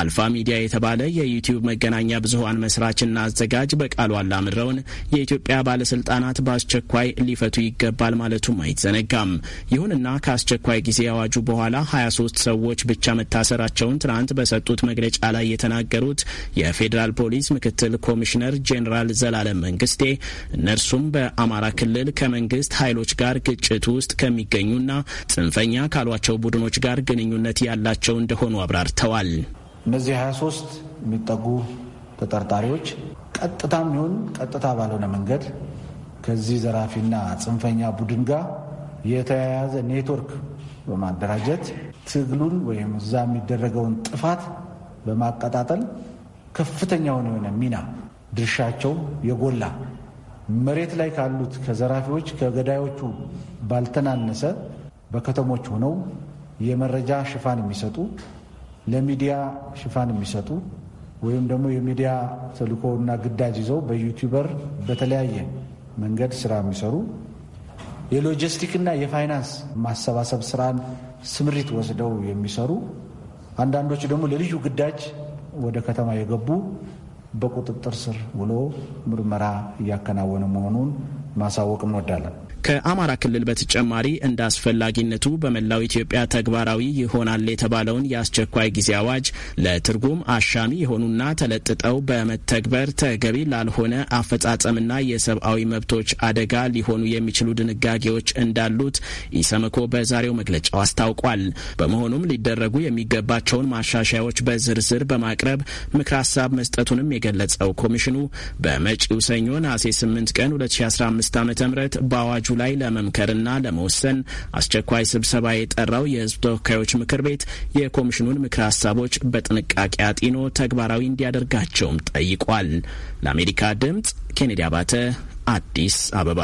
አልፋ ሚዲያ የተባለ የዩቲዩብ መገናኛ ብዙሀን መስራችና አዘጋጅ በቃሉ አላምረውን የኢትዮጵያ ባለስልጣናት በአስቸኳይ ሊፈቱ ይገባል ማለቱም አይዘነጋም። ይሁን ከሞትና ከአስቸኳይ ጊዜ አዋጁ በኋላ 23 ሰዎች ብቻ መታሰራቸውን ትናንት በሰጡት መግለጫ ላይ የተናገሩት የፌዴራል ፖሊስ ምክትል ኮሚሽነር ጄኔራል ዘላለም መንግስቴ እነርሱም በአማራ ክልል ከመንግስት ኃይሎች ጋር ግጭት ውስጥ ከሚገኙና ጽንፈኛ ካሏቸው ቡድኖች ጋር ግንኙነት ያላቸው እንደሆኑ አብራርተዋል። እነዚህ 23 የሚጠጉ ተጠርጣሪዎች ቀጥታም ይሁን ቀጥታ ባልሆነ መንገድ ከዚህ ዘራፊና ጽንፈኛ ቡድን ጋር የተያያዘ ኔትወርክ በማደራጀት ትግሉን ወይም እዛ የሚደረገውን ጥፋት በማቀጣጠል ከፍተኛውን የሆነ ሚና ድርሻቸው የጎላ መሬት ላይ ካሉት ከዘራፊዎች ከገዳዮቹ ባልተናነሰ በከተሞች ሆነው የመረጃ ሽፋን የሚሰጡ ለሚዲያ ሽፋን የሚሰጡ ወይም ደግሞ የሚዲያ ተልእኮና ግዳጅ ይዘው በዩቲዩበር በተለያየ መንገድ ስራ የሚሰሩ የሎጂስቲክና የፋይናንስ ማሰባሰብ ስራን ስምሪት ወስደው የሚሰሩ አንዳንዶቹ ደግሞ ለልዩ ግዳጅ ወደ ከተማ የገቡ በቁጥጥር ስር ውሎ ምርመራ እያከናወነ መሆኑን ማሳወቅ እንወዳለን። ከአማራ ክልል በተጨማሪ እንደ አስፈላጊነቱ በመላው ኢትዮጵያ ተግባራዊ ይሆናል የተባለውን የአስቸኳይ ጊዜ አዋጅ ለትርጉም አሻሚ የሆኑና ተለጥጠው በመተግበር ተገቢ ላልሆነ አፈጻጸምና የሰብአዊ መብቶች አደጋ ሊሆኑ የሚችሉ ድንጋጌዎች እንዳሉት ኢሰመኮ በዛሬው መግለጫው አስታውቋል። በመሆኑም ሊደረጉ የሚገባቸውን ማሻሻያዎች በዝርዝር በማቅረብ ምክር ሀሳብ መስጠቱንም የገለጸው ኮሚሽኑ በመጪው ሰኞ ነሐሴ 8 ቀን 2015 ዓ ም በአዋጁ ጉዳዮቹ ላይ ለመምከርና ለመወሰን አስቸኳይ ስብሰባ የጠራው የህዝብ ተወካዮች ምክር ቤት የኮሚሽኑን ምክር ሀሳቦች በጥንቃቄ አጢኖ ተግባራዊ እንዲያደርጋቸውም ጠይቋል። ለአሜሪካ ድምጽ ኬኔዲ አባተ አዲስ አበባ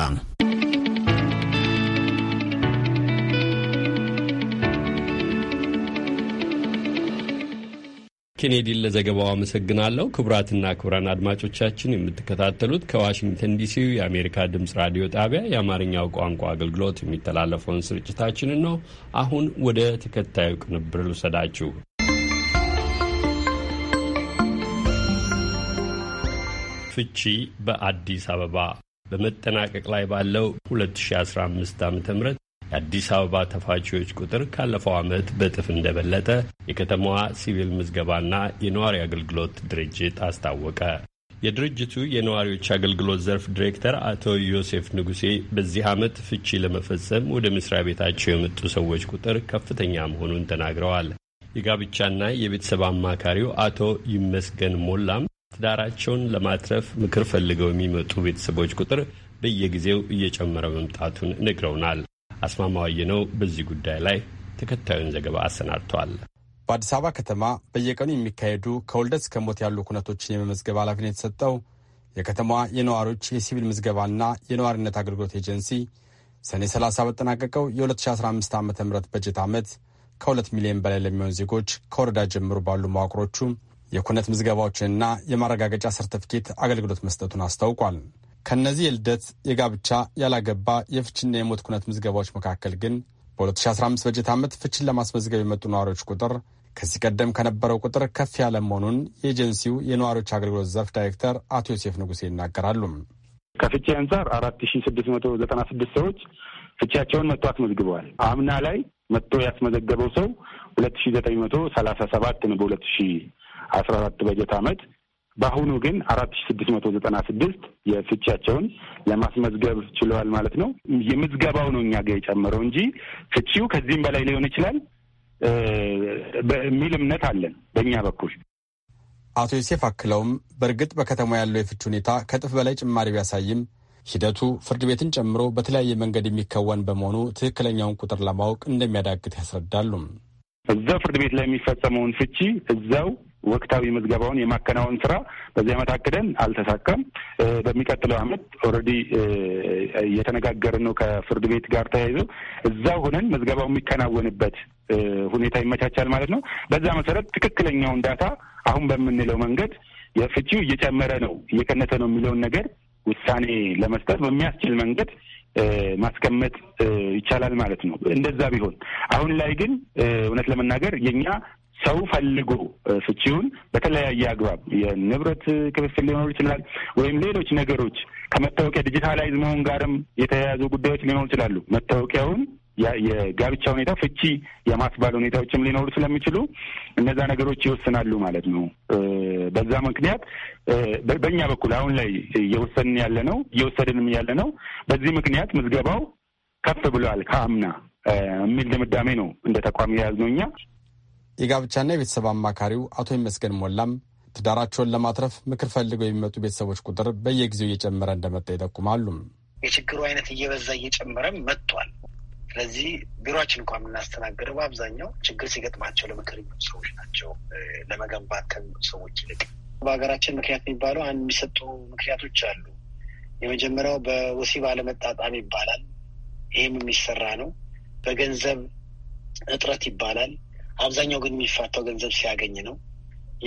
ኬኔዲን ለዘገባው አመሰግናለሁ። ክቡራትና ክቡራን አድማጮቻችን የምትከታተሉት ከዋሽንግተን ዲሲው የአሜሪካ ድምፅ ራዲዮ ጣቢያ የአማርኛው ቋንቋ አገልግሎት የሚተላለፈውን ስርጭታችንን ነው። አሁን ወደ ተከታዩ ቅንብር ልውሰዳችሁ። ፍቺ በአዲስ አበባ በመጠናቀቅ ላይ ባለው 2015 ዓ ም የአዲስ አበባ ተፋቺዎች ቁጥር ካለፈው ዓመት በእጥፍ እንደበለጠ የከተማዋ ሲቪል ምዝገባና የነዋሪ አገልግሎት ድርጅት አስታወቀ። የድርጅቱ የነዋሪዎች አገልግሎት ዘርፍ ዲሬክተር አቶ ዮሴፍ ንጉሴ በዚህ ዓመት ፍቺ ለመፈጸም ወደ መስሪያ ቤታቸው የመጡ ሰዎች ቁጥር ከፍተኛ መሆኑን ተናግረዋል። የጋብቻና የቤተሰብ አማካሪው አቶ ይመስገን ሞላም ትዳራቸውን ለማትረፍ ምክር ፈልገው የሚመጡ ቤተሰቦች ቁጥር በየጊዜው እየጨመረ መምጣቱን ነግረውናል። አስማማዋየ ነው በዚህ ጉዳይ ላይ ተከታዩን ዘገባ አሰናድተዋል። በአዲስ አበባ ከተማ በየቀኑ የሚካሄዱ ከውልደት እስከ ሞት ያሉ ኩነቶችን የመመዝገብ ኃላፊነት የተሰጠው የከተማዋ የነዋሪዎች የሲቪል ምዝገባና የነዋሪነት አገልግሎት ኤጀንሲ ሰኔ 30 በጠናቀቀው የ2015 ዓ ም በጀት ዓመት ከ2 ሚሊዮን በላይ ለሚሆን ዜጎች ከወረዳ ጀምሮ ባሉ መዋቅሮቹ የኩነት ምዝገባዎችንና የማረጋገጫ ሰርተፍኬት አገልግሎት መስጠቱን አስታውቋል። ከእነዚህ የልደት፣ የጋብቻ፣ ያላገባ፣ የፍችና የሞት ኩነት ምዝገባዎች መካከል ግን በ2015 በጀት ዓመት ፍችን ለማስመዝገብ የመጡ ነዋሪዎች ቁጥር ከዚህ ቀደም ከነበረው ቁጥር ከፍ ያለ መሆኑን የኤጀንሲው የነዋሪዎች አገልግሎት ዘርፍ ዳይሬክተር አቶ ዮሴፍ ንጉሴ ይናገራሉ። ከፍቼ አንጻር አራት ሺ ስድስት መቶ ዘጠና ስድስት ሰዎች ፍቻቸውን መጥቶ አስመዝግበዋል። አምና ላይ መጥቶ ያስመዘገበው ሰው ሁለት ሺ ዘጠኝ መቶ ሰላሳ ሰባት ነው። በሁለት ሺ አስራ አራት በጀት ዓመት በአሁኑ ግን አራት ሺ ስድስት መቶ ዘጠና ስድስት የፍቻቸውን ለማስመዝገብ ችለዋል ማለት ነው። የምዝገባው ነው እኛ ጋር የጨመረው እንጂ ፍቺው ከዚህም በላይ ሊሆን ይችላል በሚል እምነት አለን በእኛ በኩል። አቶ ዮሴፍ አክለውም በእርግጥ በከተማ ያለው የፍች ሁኔታ ከጥፍ በላይ ጭማሪ ቢያሳይም ሂደቱ ፍርድ ቤትን ጨምሮ በተለያየ መንገድ የሚከወን በመሆኑ ትክክለኛውን ቁጥር ለማወቅ እንደሚያዳግት ያስረዳሉ። እዛው ፍርድ ቤት ላይ የሚፈጸመውን ፍቺ እዛው ወቅታዊ ምዝገባውን የማከናወን ስራ በዚህ ዓመት አቅደን አልተሳካም። በሚቀጥለው ዓመት ኦልሬዲ እየተነጋገርን ነው ከፍርድ ቤት ጋር ተያይዞ እዛ ሆነን ምዝገባው የሚከናወንበት ሁኔታ ይመቻቻል ማለት ነው። በዛ መሰረት ትክክለኛውን ዳታ አሁን በምንለው መንገድ የፍቺው እየጨመረ ነው እየቀነሰ ነው የሚለውን ነገር ውሳኔ ለመስጠት በሚያስችል መንገድ ማስቀመጥ ይቻላል ማለት ነው። እንደዛ ቢሆን አሁን ላይ ግን እውነት ለመናገር የኛ ሰው ፈልጎ ፍቺውን በተለያየ አግባብ የንብረት ክፍፍል ሊኖር ይችላል፣ ወይም ሌሎች ነገሮች ከመታወቂያ ዲጂታላይዝ መሆን ጋርም የተያያዙ ጉዳዮች ሊኖሩ ይችላሉ። መታወቂያውን የጋብቻ ሁኔታ ፍቺ የማስባል ሁኔታዎችም ሊኖሩ ስለሚችሉ እነዛ ነገሮች ይወስናሉ ማለት ነው። በዛ ምክንያት በእኛ በኩል አሁን ላይ እየወሰንን ያለ ነው እየወሰድንም ያለ ነው። በዚህ ምክንያት ምዝገባው ከፍ ብሏል ከአምና የሚል ድምዳሜ ነው እንደ ተቋም የያዝነው እኛ። የጋብቻና የቤተሰብ አማካሪው አቶ ይመስገን ሞላም ትዳራቸውን ለማትረፍ ምክር ፈልገው የሚመጡ ቤተሰቦች ቁጥር በየጊዜው እየጨመረ እንደመጣ ይጠቁማሉ። የችግሩ አይነት እየበዛ እየጨመረም መጥቷል። ስለዚህ ቢሮችን እንኳን የምናስተናግደው በአብዛኛው ችግር ሲገጥማቸው ለምክር የሚሆኑ ሰዎች ናቸው፣ ለመገንባት ከሚሆኑ ሰዎች ይልቅ። በሀገራችን ምክንያት የሚባለው አንድ የሚሰጡ ምክንያቶች አሉ። የመጀመሪያው በወሲብ አለመጣጣም ይባላል። ይህም የሚሰራ ነው። በገንዘብ እጥረት ይባላል። አብዛኛው ግን የሚፋታው ገንዘብ ሲያገኝ ነው።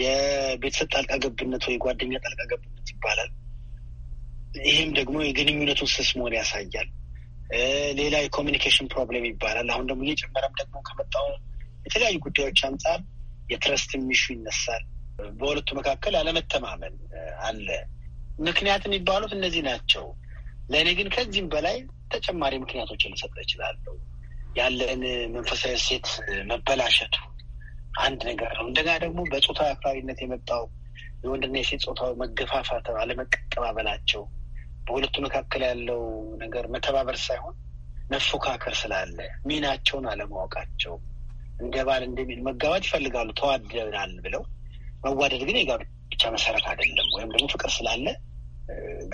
የቤተሰብ ጣልቃ ገብነት ወይ ጓደኛ ጣልቃ ገብነት ይባላል። ይህም ደግሞ የግንኙነቱን ስስ መሆን ያሳያል። ሌላ የኮሚኒኬሽን ፕሮብሌም ይባላል። አሁን ደግሞ እየጨመረም ደግሞ ከመጣው የተለያዩ ጉዳዮች አንጻር የትረስት ሚሹ ይነሳል። በሁለቱ መካከል አለመተማመን አለ። ምክንያት የሚባሉት እነዚህ ናቸው። ለእኔ ግን ከዚህም በላይ ተጨማሪ ምክንያቶችን ልሰጥ እችላለሁ። ያለን መንፈሳዊ ሴት መበላሸቱ አንድ ነገር ነው። እንደገና ደግሞ በፆታ አክራሪነት የመጣው የወንድና የሴት ፆታዊ መገፋፋት፣ አለመቀባበላቸው በሁለቱ መካከል ያለው ነገር መተባበር ሳይሆን መፎካከር ስላለ ሚናቸውን አለማወቃቸው እንደ ባል እንደሚል መጋባት ይፈልጋሉ ተዋደናል ብለው መዋደድ ግን የጋብቻ መሰረት አይደለም። ወይም ደግሞ ፍቅር ስላለ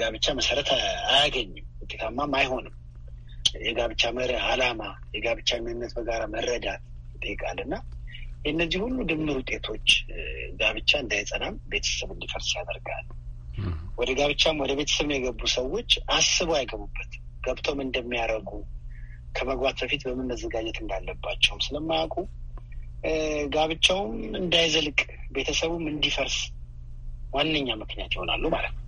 ጋብቻ መሰረት አያገኝም፣ ውጤታማም አይሆንም። የጋብቻ መርህ አላማ የጋብቻ ምንነት በጋራ መረዳት ይጠይቃል እና የእነዚህ ሁሉ ድምር ውጤቶች ጋብቻ እንዳይጸናም ቤተሰብ እንዲፈርስ ያደርጋል። ወደ ጋብቻም ወደ ቤተሰብ የገቡ ሰዎች አስበው አይገቡበት ገብተውም እንደሚያደርጉ ከመግባት በፊት በምን መዘጋጀት እንዳለባቸውም ስለማያውቁ ጋብቻውም እንዳይዘልቅ ቤተሰቡም እንዲፈርስ ዋነኛ ምክንያት ይሆናሉ ማለት ነው።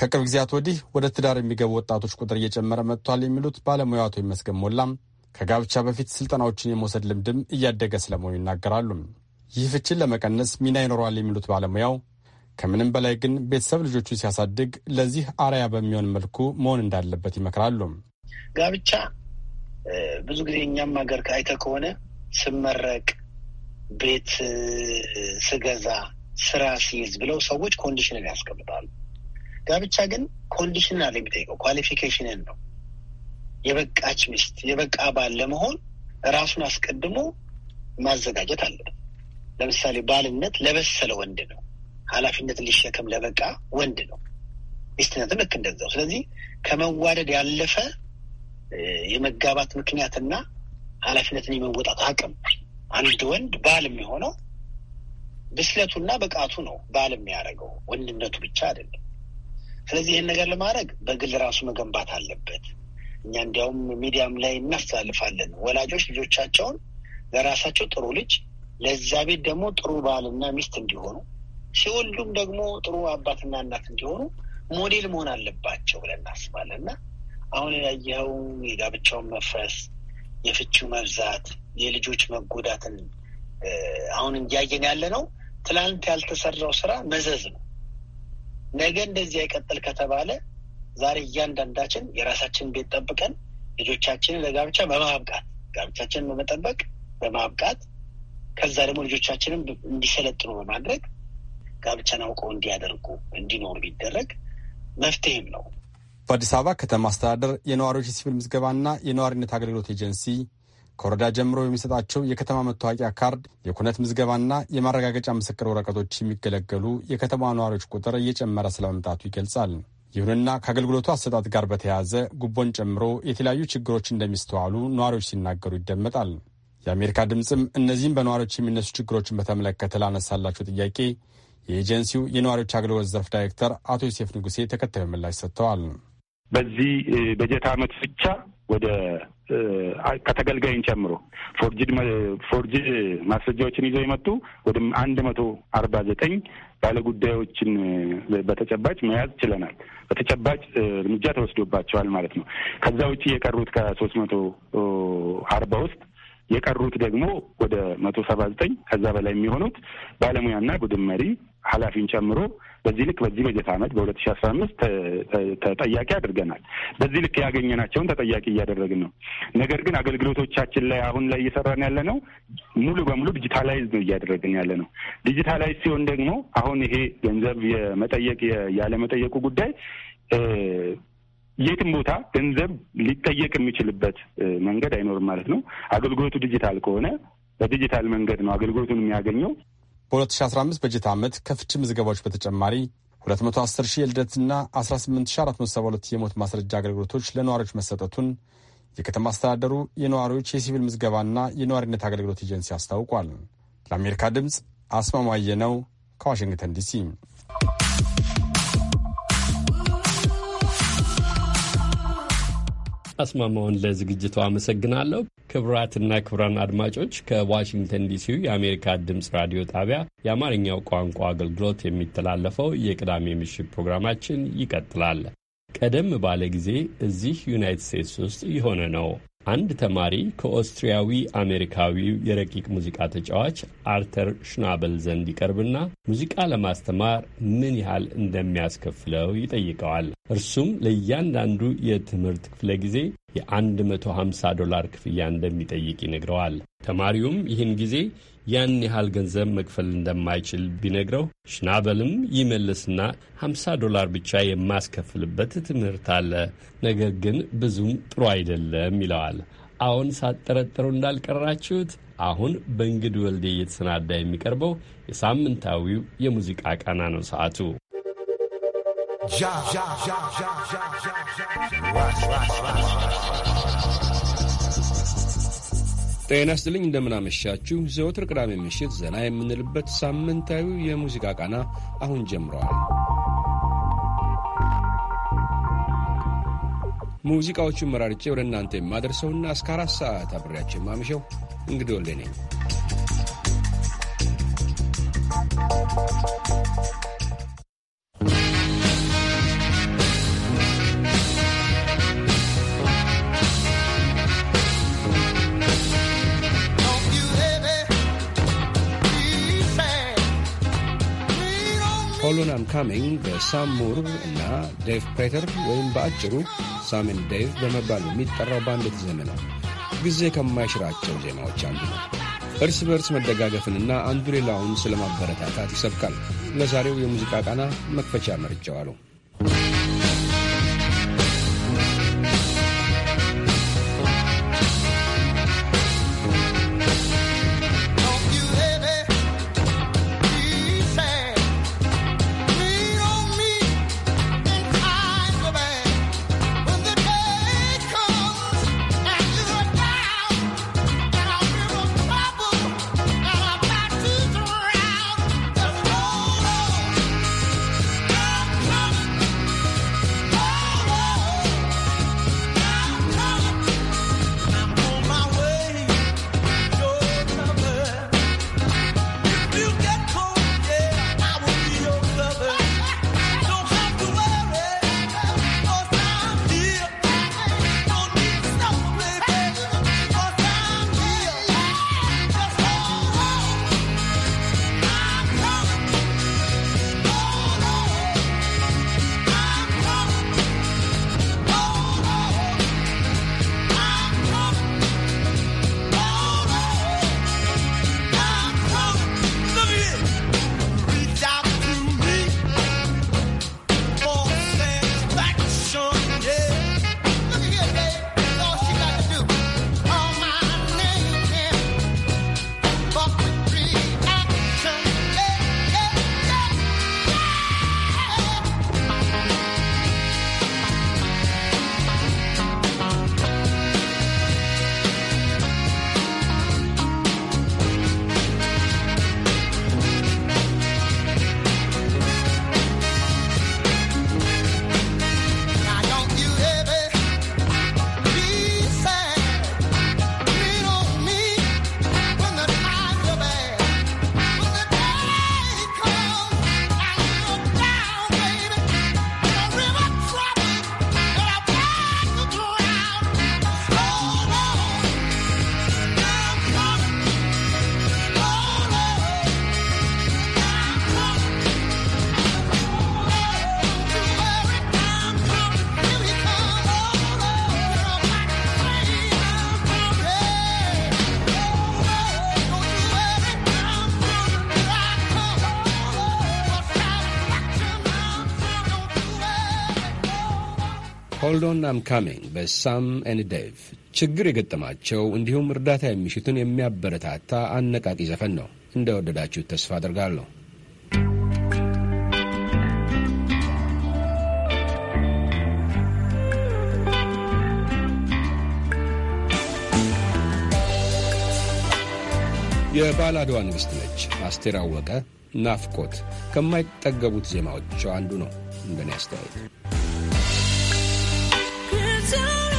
ከቅርብ ጊዜያት ወዲህ ወደ ትዳር የሚገቡ ወጣቶች ቁጥር እየጨመረ መጥቷል የሚሉት ባለሙያው አቶ ይመስገን ሞላም ከጋብቻ በፊት ስልጠናዎችን የመውሰድ ልምድም እያደገ ስለመሆኑ ይናገራሉ። ይህ ፍችን ለመቀነስ ሚና ይኖረዋል የሚሉት ባለሙያው ከምንም በላይ ግን ቤተሰብ ልጆቹ ሲያሳድግ ለዚህ አርያ በሚሆን መልኩ መሆን እንዳለበት ይመክራሉ። ጋብቻ ብዙ ጊዜ እኛም ሀገር አይተህ ከሆነ ስመረቅ፣ ቤት ስገዛ፣ ስራ ሲይዝ ብለው ሰዎች ኮንዲሽንን ያስቀምጣሉ። ጋብቻ ግን ኮንዲሽን አለ የሚጠይቀው ኳሊፊኬሽንን ነው። የበቃች ሚስት የበቃ ባል ለመሆን ራሱን አስቀድሞ ማዘጋጀት አለበት። ለምሳሌ ባልነት ለበሰለ ወንድ ነው። ኃላፊነት ሊሸከም ለበቃ ወንድ ነው። ሚስትነትም ልክ እንደዛው። ስለዚህ ከመዋደድ ያለፈ የመጋባት ምክንያትና ኃላፊነትን የመወጣት አቅም አንድ ወንድ ባል የሚሆነው ብስለቱና ብቃቱ ነው። ባል የሚያደርገው ወንድነቱ ብቻ አይደለም። ስለዚህ ይህን ነገር ለማድረግ በግል ራሱ መገንባት አለበት። እኛ እንዲያውም ሚዲያም ላይ እናስተላልፋለን። ወላጆች ልጆቻቸውን ለራሳቸው ጥሩ ልጅ፣ ለዛ ቤት ደግሞ ጥሩ ባልና ሚስት እንዲሆኑ ሲወልዱም ደግሞ ጥሩ አባትና እናት እንዲሆኑ ሞዴል መሆን አለባቸው ብለን እናስባለን እና አሁን ያየኸው የጋብቻውን መፍረስ፣ የፍቺው መብዛት፣ የልጆች መጎዳትን አሁን እያየን ያለ ነው። ትላንት ያልተሰራው ስራ መዘዝ ነው። ነገ እንደዚህ አይቀጥል ከተባለ ዛሬ እያንዳንዳችን የራሳችንን ቤት ጠብቀን ልጆቻችንን ለጋብቻ በማብቃት ጋብቻችንን በመጠበቅ በማብቃት ከዛ ደግሞ ልጆቻችንን እንዲሰለጥኑ በማድረግ ጋብቻን አውቀው እንዲያደርጉ እንዲኖሩ ቢደረግ መፍትሄም ነው። በአዲስ አበባ ከተማ አስተዳደር የነዋሪዎች የሲቪል ምዝገባና የነዋሪነት አገልግሎት ኤጀንሲ ከወረዳ ጀምሮ የሚሰጣቸው የከተማ መታወቂያ ካርድ፣ የኩነት ምዝገባና የማረጋገጫ ምስክር ወረቀቶች የሚገለገሉ የከተማ ነዋሪዎች ቁጥር እየጨመረ ስለመምጣቱ ይገልጻል። ይሁንና ከአገልግሎቱ አሰጣጥ ጋር በተያያዘ ጉቦን ጨምሮ የተለያዩ ችግሮች እንደሚስተዋሉ ነዋሪዎች ሲናገሩ ይደመጣል። የአሜሪካ ድምፅም እነዚህም በነዋሪዎች የሚነሱ ችግሮችን በተመለከተ ላነሳላቸው ጥያቄ የኤጀንሲው የነዋሪዎች አገልግሎት ዘርፍ ዳይሬክተር አቶ ዮሴፍ ንጉሴ ተከታዩ ምላሽ ሰጥተዋል። በዚህ በጀት ዓመት ብቻ ወደ ከተገልጋይን ጨምሮ ፎርጅድ ፎርጅድ ማስረጃዎችን ይዘው የመጡ ወደ አንድ መቶ አርባ ዘጠኝ ባለጉዳዮችን በተጨባጭ መያዝ ችለናል። በተጨባጭ እርምጃ ተወስዶባቸዋል ማለት ነው። ከዛ ውጭ የቀሩት ከሶስት መቶ አርባ ውስጥ የቀሩት ደግሞ ወደ መቶ ሰባ ዘጠኝ ከዛ በላይ የሚሆኑት ባለሙያና ቡድን መሪ ኃላፊን ጨምሮ በዚህ ልክ በዚህ በጀት ዓመት በሁለት ሺ አስራ አምስት ተጠያቂ አድርገናል። በዚህ ልክ ያገኘናቸውን ተጠያቂ እያደረግን ነው። ነገር ግን አገልግሎቶቻችን ላይ አሁን ላይ እየሰራን ያለ ነው ሙሉ በሙሉ ዲጂታላይዝ ነው እያደረግን ያለ ነው። ዲጂታላይዝ ሲሆን ደግሞ አሁን ይሄ ገንዘብ የመጠየቅ ያለመጠየቁ ጉዳይ የትም ቦታ ገንዘብ ሊጠየቅ የሚችልበት መንገድ አይኖርም ማለት ነው። አገልግሎቱ ዲጂታል ከሆነ በዲጂታል መንገድ ነው አገልግሎቱን የሚያገኘው። በ2015 በጀት ዓመት ከፍች ምዝገባዎች በተጨማሪ 210 ሺህ የልደትና 18472 የሞት ማስረጃ አገልግሎቶች ለነዋሪዎች መሰጠቱን የከተማ አስተዳደሩ የነዋሪዎች የሲቪል ምዝገባና የነዋሪነት አገልግሎት ኤጀንሲ አስታውቋል። ለአሜሪካ ድምፅ አስማማየ ነው ከዋሽንግተን ዲሲ አስማማውን ለዝግጅቱ አመሰግናለሁ። ክቡራትና ክቡራን አድማጮች ከዋሽንግተን ዲሲው የአሜሪካ ድምፅ ራዲዮ ጣቢያ የአማርኛው ቋንቋ አገልግሎት የሚተላለፈው የቅዳሜ ምሽት ፕሮግራማችን ይቀጥላል። ቀደም ባለ ጊዜ እዚህ ዩናይትድ ስቴትስ ውስጥ የሆነ ነው አንድ ተማሪ ከኦስትሪያዊ አሜሪካዊው የረቂቅ ሙዚቃ ተጫዋች አርተር ሽናበል ዘንድ ይቀርብና ሙዚቃ ለማስተማር ምን ያህል እንደሚያስከፍለው ይጠይቀዋል። እርሱም ለእያንዳንዱ የትምህርት ክፍለ ጊዜ የ150 ዶላር ክፍያ እንደሚጠይቅ ይነግረዋል። ተማሪውም ይህን ጊዜ ያን ያህል ገንዘብ መክፈል እንደማይችል ቢነግረው ሽናበልም ይመልስና 50 ዶላር ብቻ የማስከፍልበት ትምህርት አለ፣ ነገር ግን ብዙም ጥሩ አይደለም ይለዋል። አሁን ሳትጠረጥሩ እንዳልቀራችሁት አሁን በእንግድ ወልዴ እየተሰናዳ የሚቀርበው የሳምንታዊው የሙዚቃ ቃና ነው ሰዓቱ። Ja, ja, ja, ja, ja, ja, ጤና ይስጥልኝ እንደምናመሻችሁ። ዘወትር ቅዳሜ ምሽት ዘና የምንልበት ሳምንታዊ የሙዚቃ ቃና አሁን ጀምረዋል። ሙዚቃዎቹን መራርጬ ወደ እናንተ የማደርሰውና እስከ አራት ሰዓት አብሬያቸው የማመሸው እንግዲህ ወሌ ነኝ። ካሚንግ በሳም ሙር እና ዴቭ ፕሬተር ወይም በአጭሩ ሳምን ዴቭ በመባል የሚጠራው ባንድ ነው። ጊዜ ከማይሽራቸው ዜማዎች አንዱ ነው። እርስ በርስ መደጋገፍንና አንዱ ሌላውን ስለማበረታታት ይሰብካል። ለዛሬው የሙዚቃ ቃና መክፈቻ መርጫው አለው። ሆልዶን አም ካሚንግ በሳም ኤን ዴቭ ችግር የገጠማቸው እንዲሁም እርዳታ የሚሽቱን የሚያበረታታ አነቃቂ ዘፈን ነው። እንደወደዳችሁት ተስፋ አድርጋለሁ። የባላድዋ ንግሥት ነች። አስቴር አወቀ ናፍቆት ከማይጠገቡት ዜማዎቿ አንዱ ነው እንደኔ አስተያየት to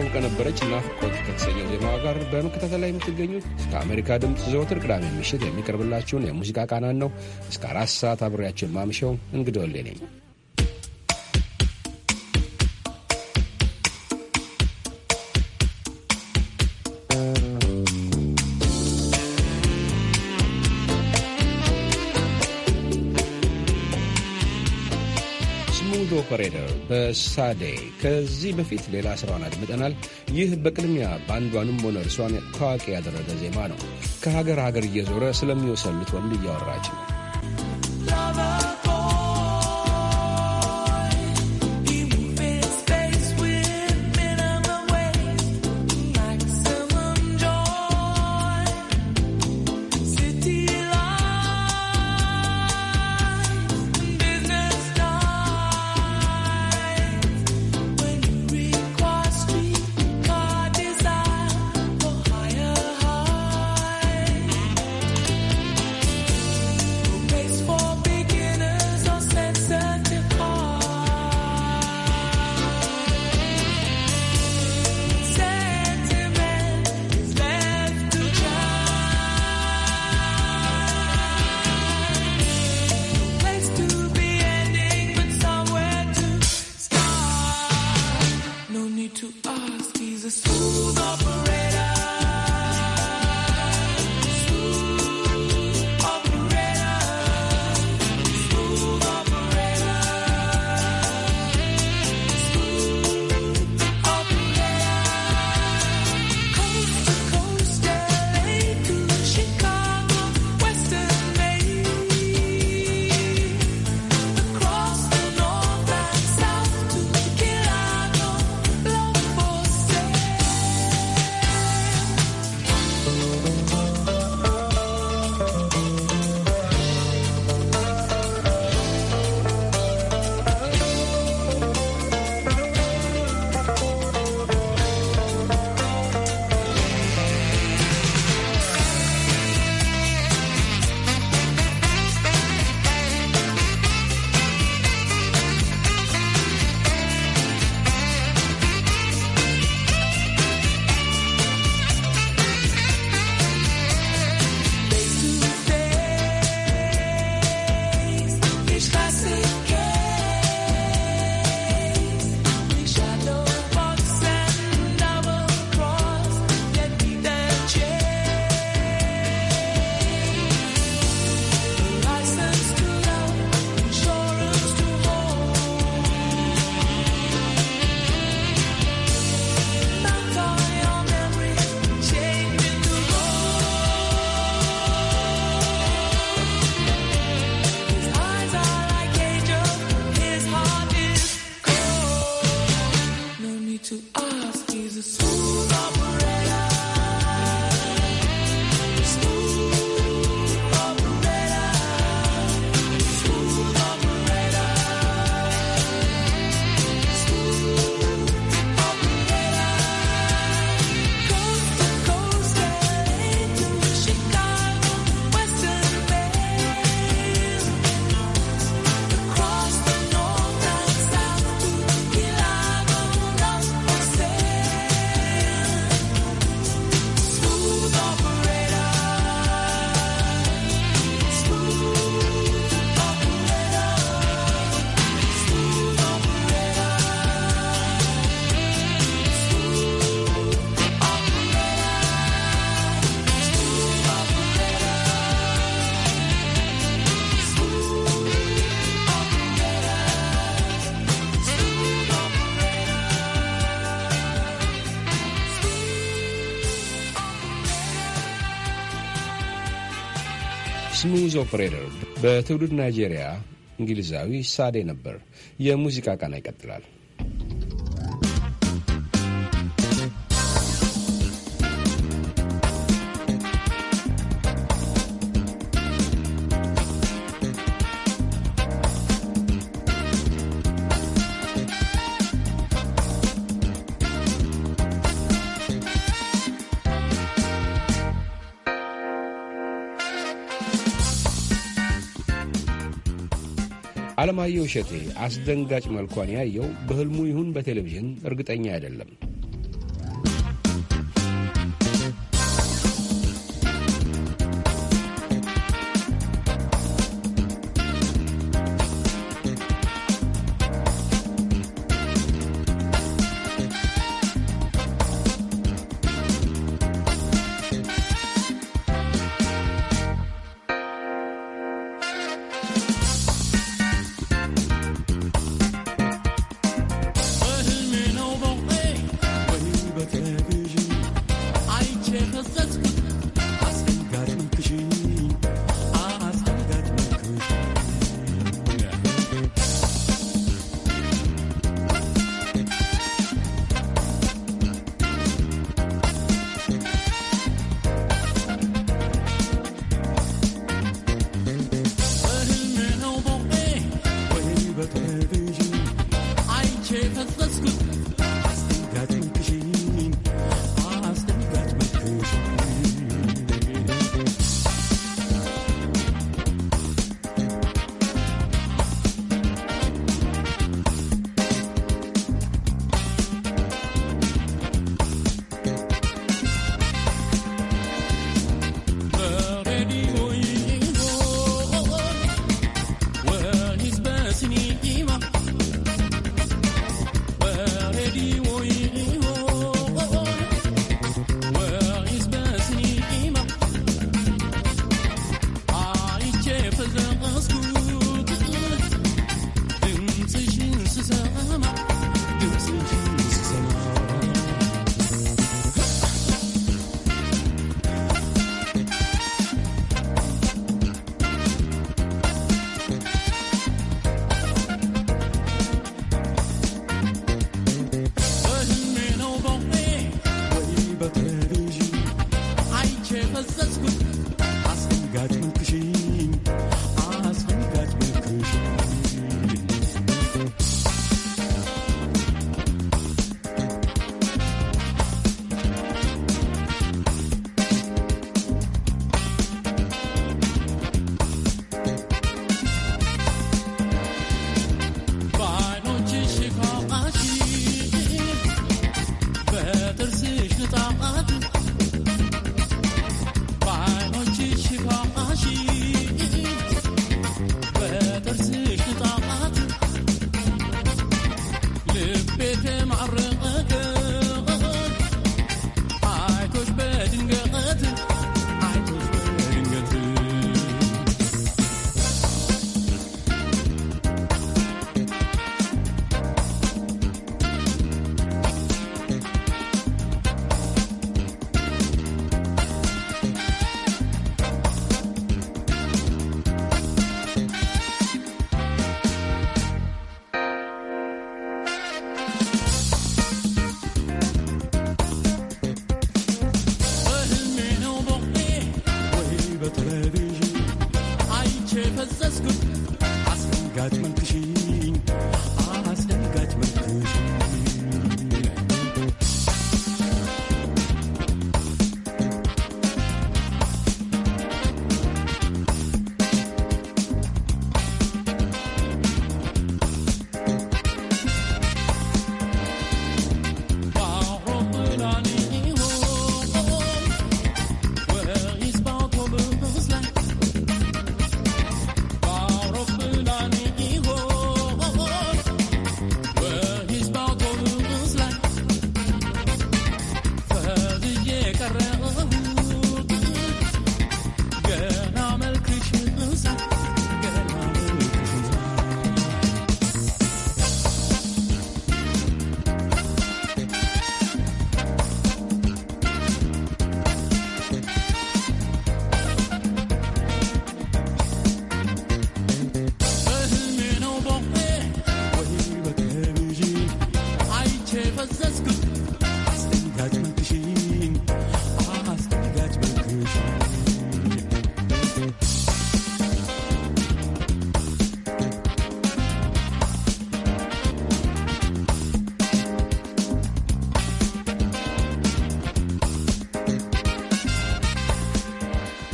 ያውቀ ነበረች ናፍቆት ከተሰኘው ዜማዋ ጋር በመከታተል ላይ የምትገኙት አሜሪካ ድምፅ ዘወትር ቅዳሜ ምሽት የሚቀርብላችሁን የሙዚቃ ቃናን ነው። እስከ አራት ሰዓት አብሬያችሁ የማምሸው እንግዲህ ወሌ ነኝ። ስሙዝ ኦፐሬተር በሳዴ ከዚህ በፊት ሌላ ስራዋን አድምጠናል። ይህ በቅድሚያ በአንዷንም ሆነ እርሷን ታዋቂ ያደረገ ዜማ ነው። ከሀገር ሀገር እየዞረ ስለሚወሰሉት ወንድ እያወራች ነው። ስሙዝ ኦፕሬተር በትውልድ ናይጄሪያ እንግሊዛዊ ሳዴ ነበር። የሙዚቃ ቃና ይቀጥላል። አለማየሁ እሸቴ አስደንጋጭ መልኳን ያየው በህልሙ ይሁን በቴሌቪዥን እርግጠኛ አይደለም።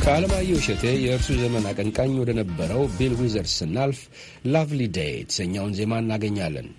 ከዓለማየሁ እሸቴ የእርሱ ዘመን አቀንቃኝ ወደ ነበረው ቢል ዊዘርስ ስናልፍ ላቭሊ ዴይ የተሰኘውን ዜማ እናገኛለን።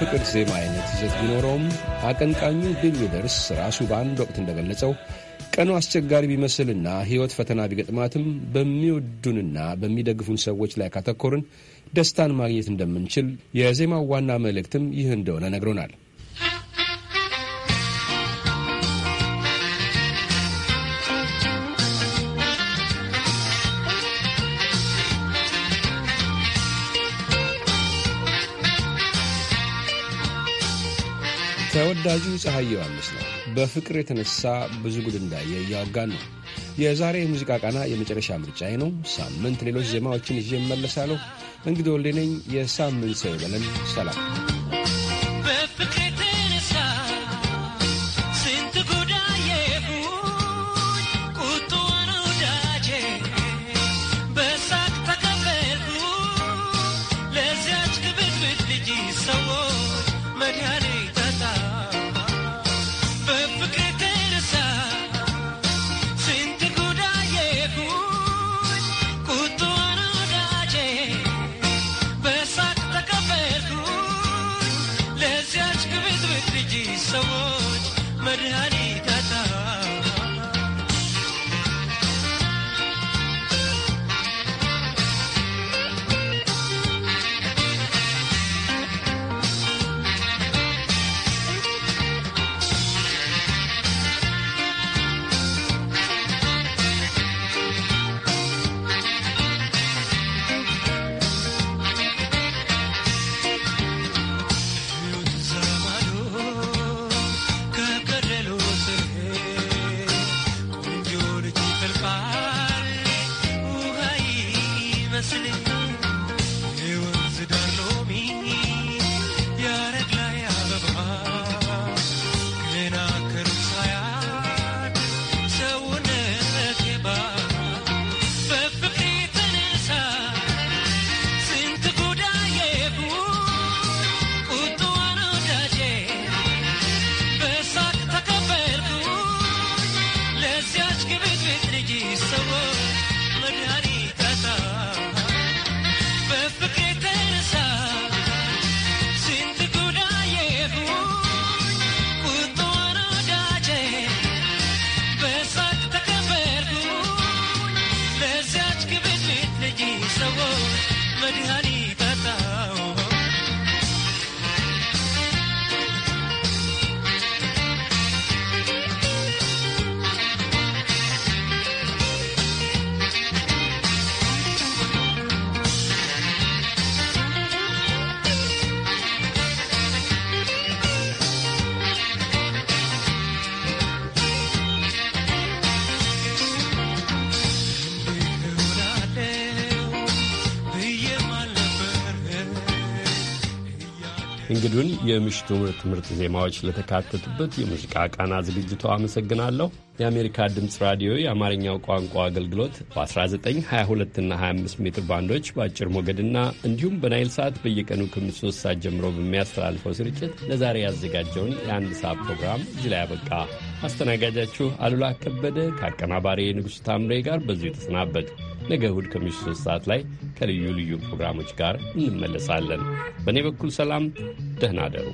ፍቅር ዜማ አይነት ይዘት ቢኖረውም አቀንቃኙ ቢል ዊደርስ ራሱ በአንድ ወቅት እንደገለጸው ቀኑ አስቸጋሪ ቢመስልና ሕይወት ፈተና ቢገጥማትም በሚወዱንና በሚደግፉን ሰዎች ላይ ካተኮርን ደስታን ማግኘት እንደምንችል የዜማው ዋና መልእክትም ይህ እንደሆነ ነግሮናል። ወዳጁ ፀሐይ ዮሐንስ ነው። በፍቅር የተነሳ ብዙ ጉድ እንዳየ እያወጋን ነው። የዛሬ የሙዚቃ ቃና የመጨረሻ ምርጫዬ ነው። ሳምንት ሌሎች ዜማዎችን ይዤ እመለሳለሁ። እንግዲህ ወልዴ ነኝ። የሳምንት ሰው ይበለን። ሰላም የምሽቱ ትምህርት ዜማዎች ለተካተቱበት የሙዚቃ ቃና ዝግጅቷ አመሰግናለሁ። የአሜሪካ ድምፅ ራዲዮ የአማርኛው ቋንቋ አገልግሎት በ1922 እና 25 ሜትር ባንዶች በአጭር ሞገድና እንዲሁም በናይል ሰዓት በየቀኑ ከምሽቱ 3 ሰዓት ጀምሮ በሚያስተላልፈው ስርጭት ለዛሬ ያዘጋጀውን የአንድ ሰዓት ፕሮግራም እዚህ ላይ አበቃ። አስተናጋጃችሁ አሉላ ከበደ ከአቀናባሪ ንጉሥ ታምሬ ጋር በዚሁ የተሰናበት። ነገ እሁድ ከምሽቱ ሰዓት ላይ ከልዩ ልዩ ፕሮግራሞች ጋር እንመለሳለን። በእኔ በኩል ሰላም፣ ደህና አደሩ።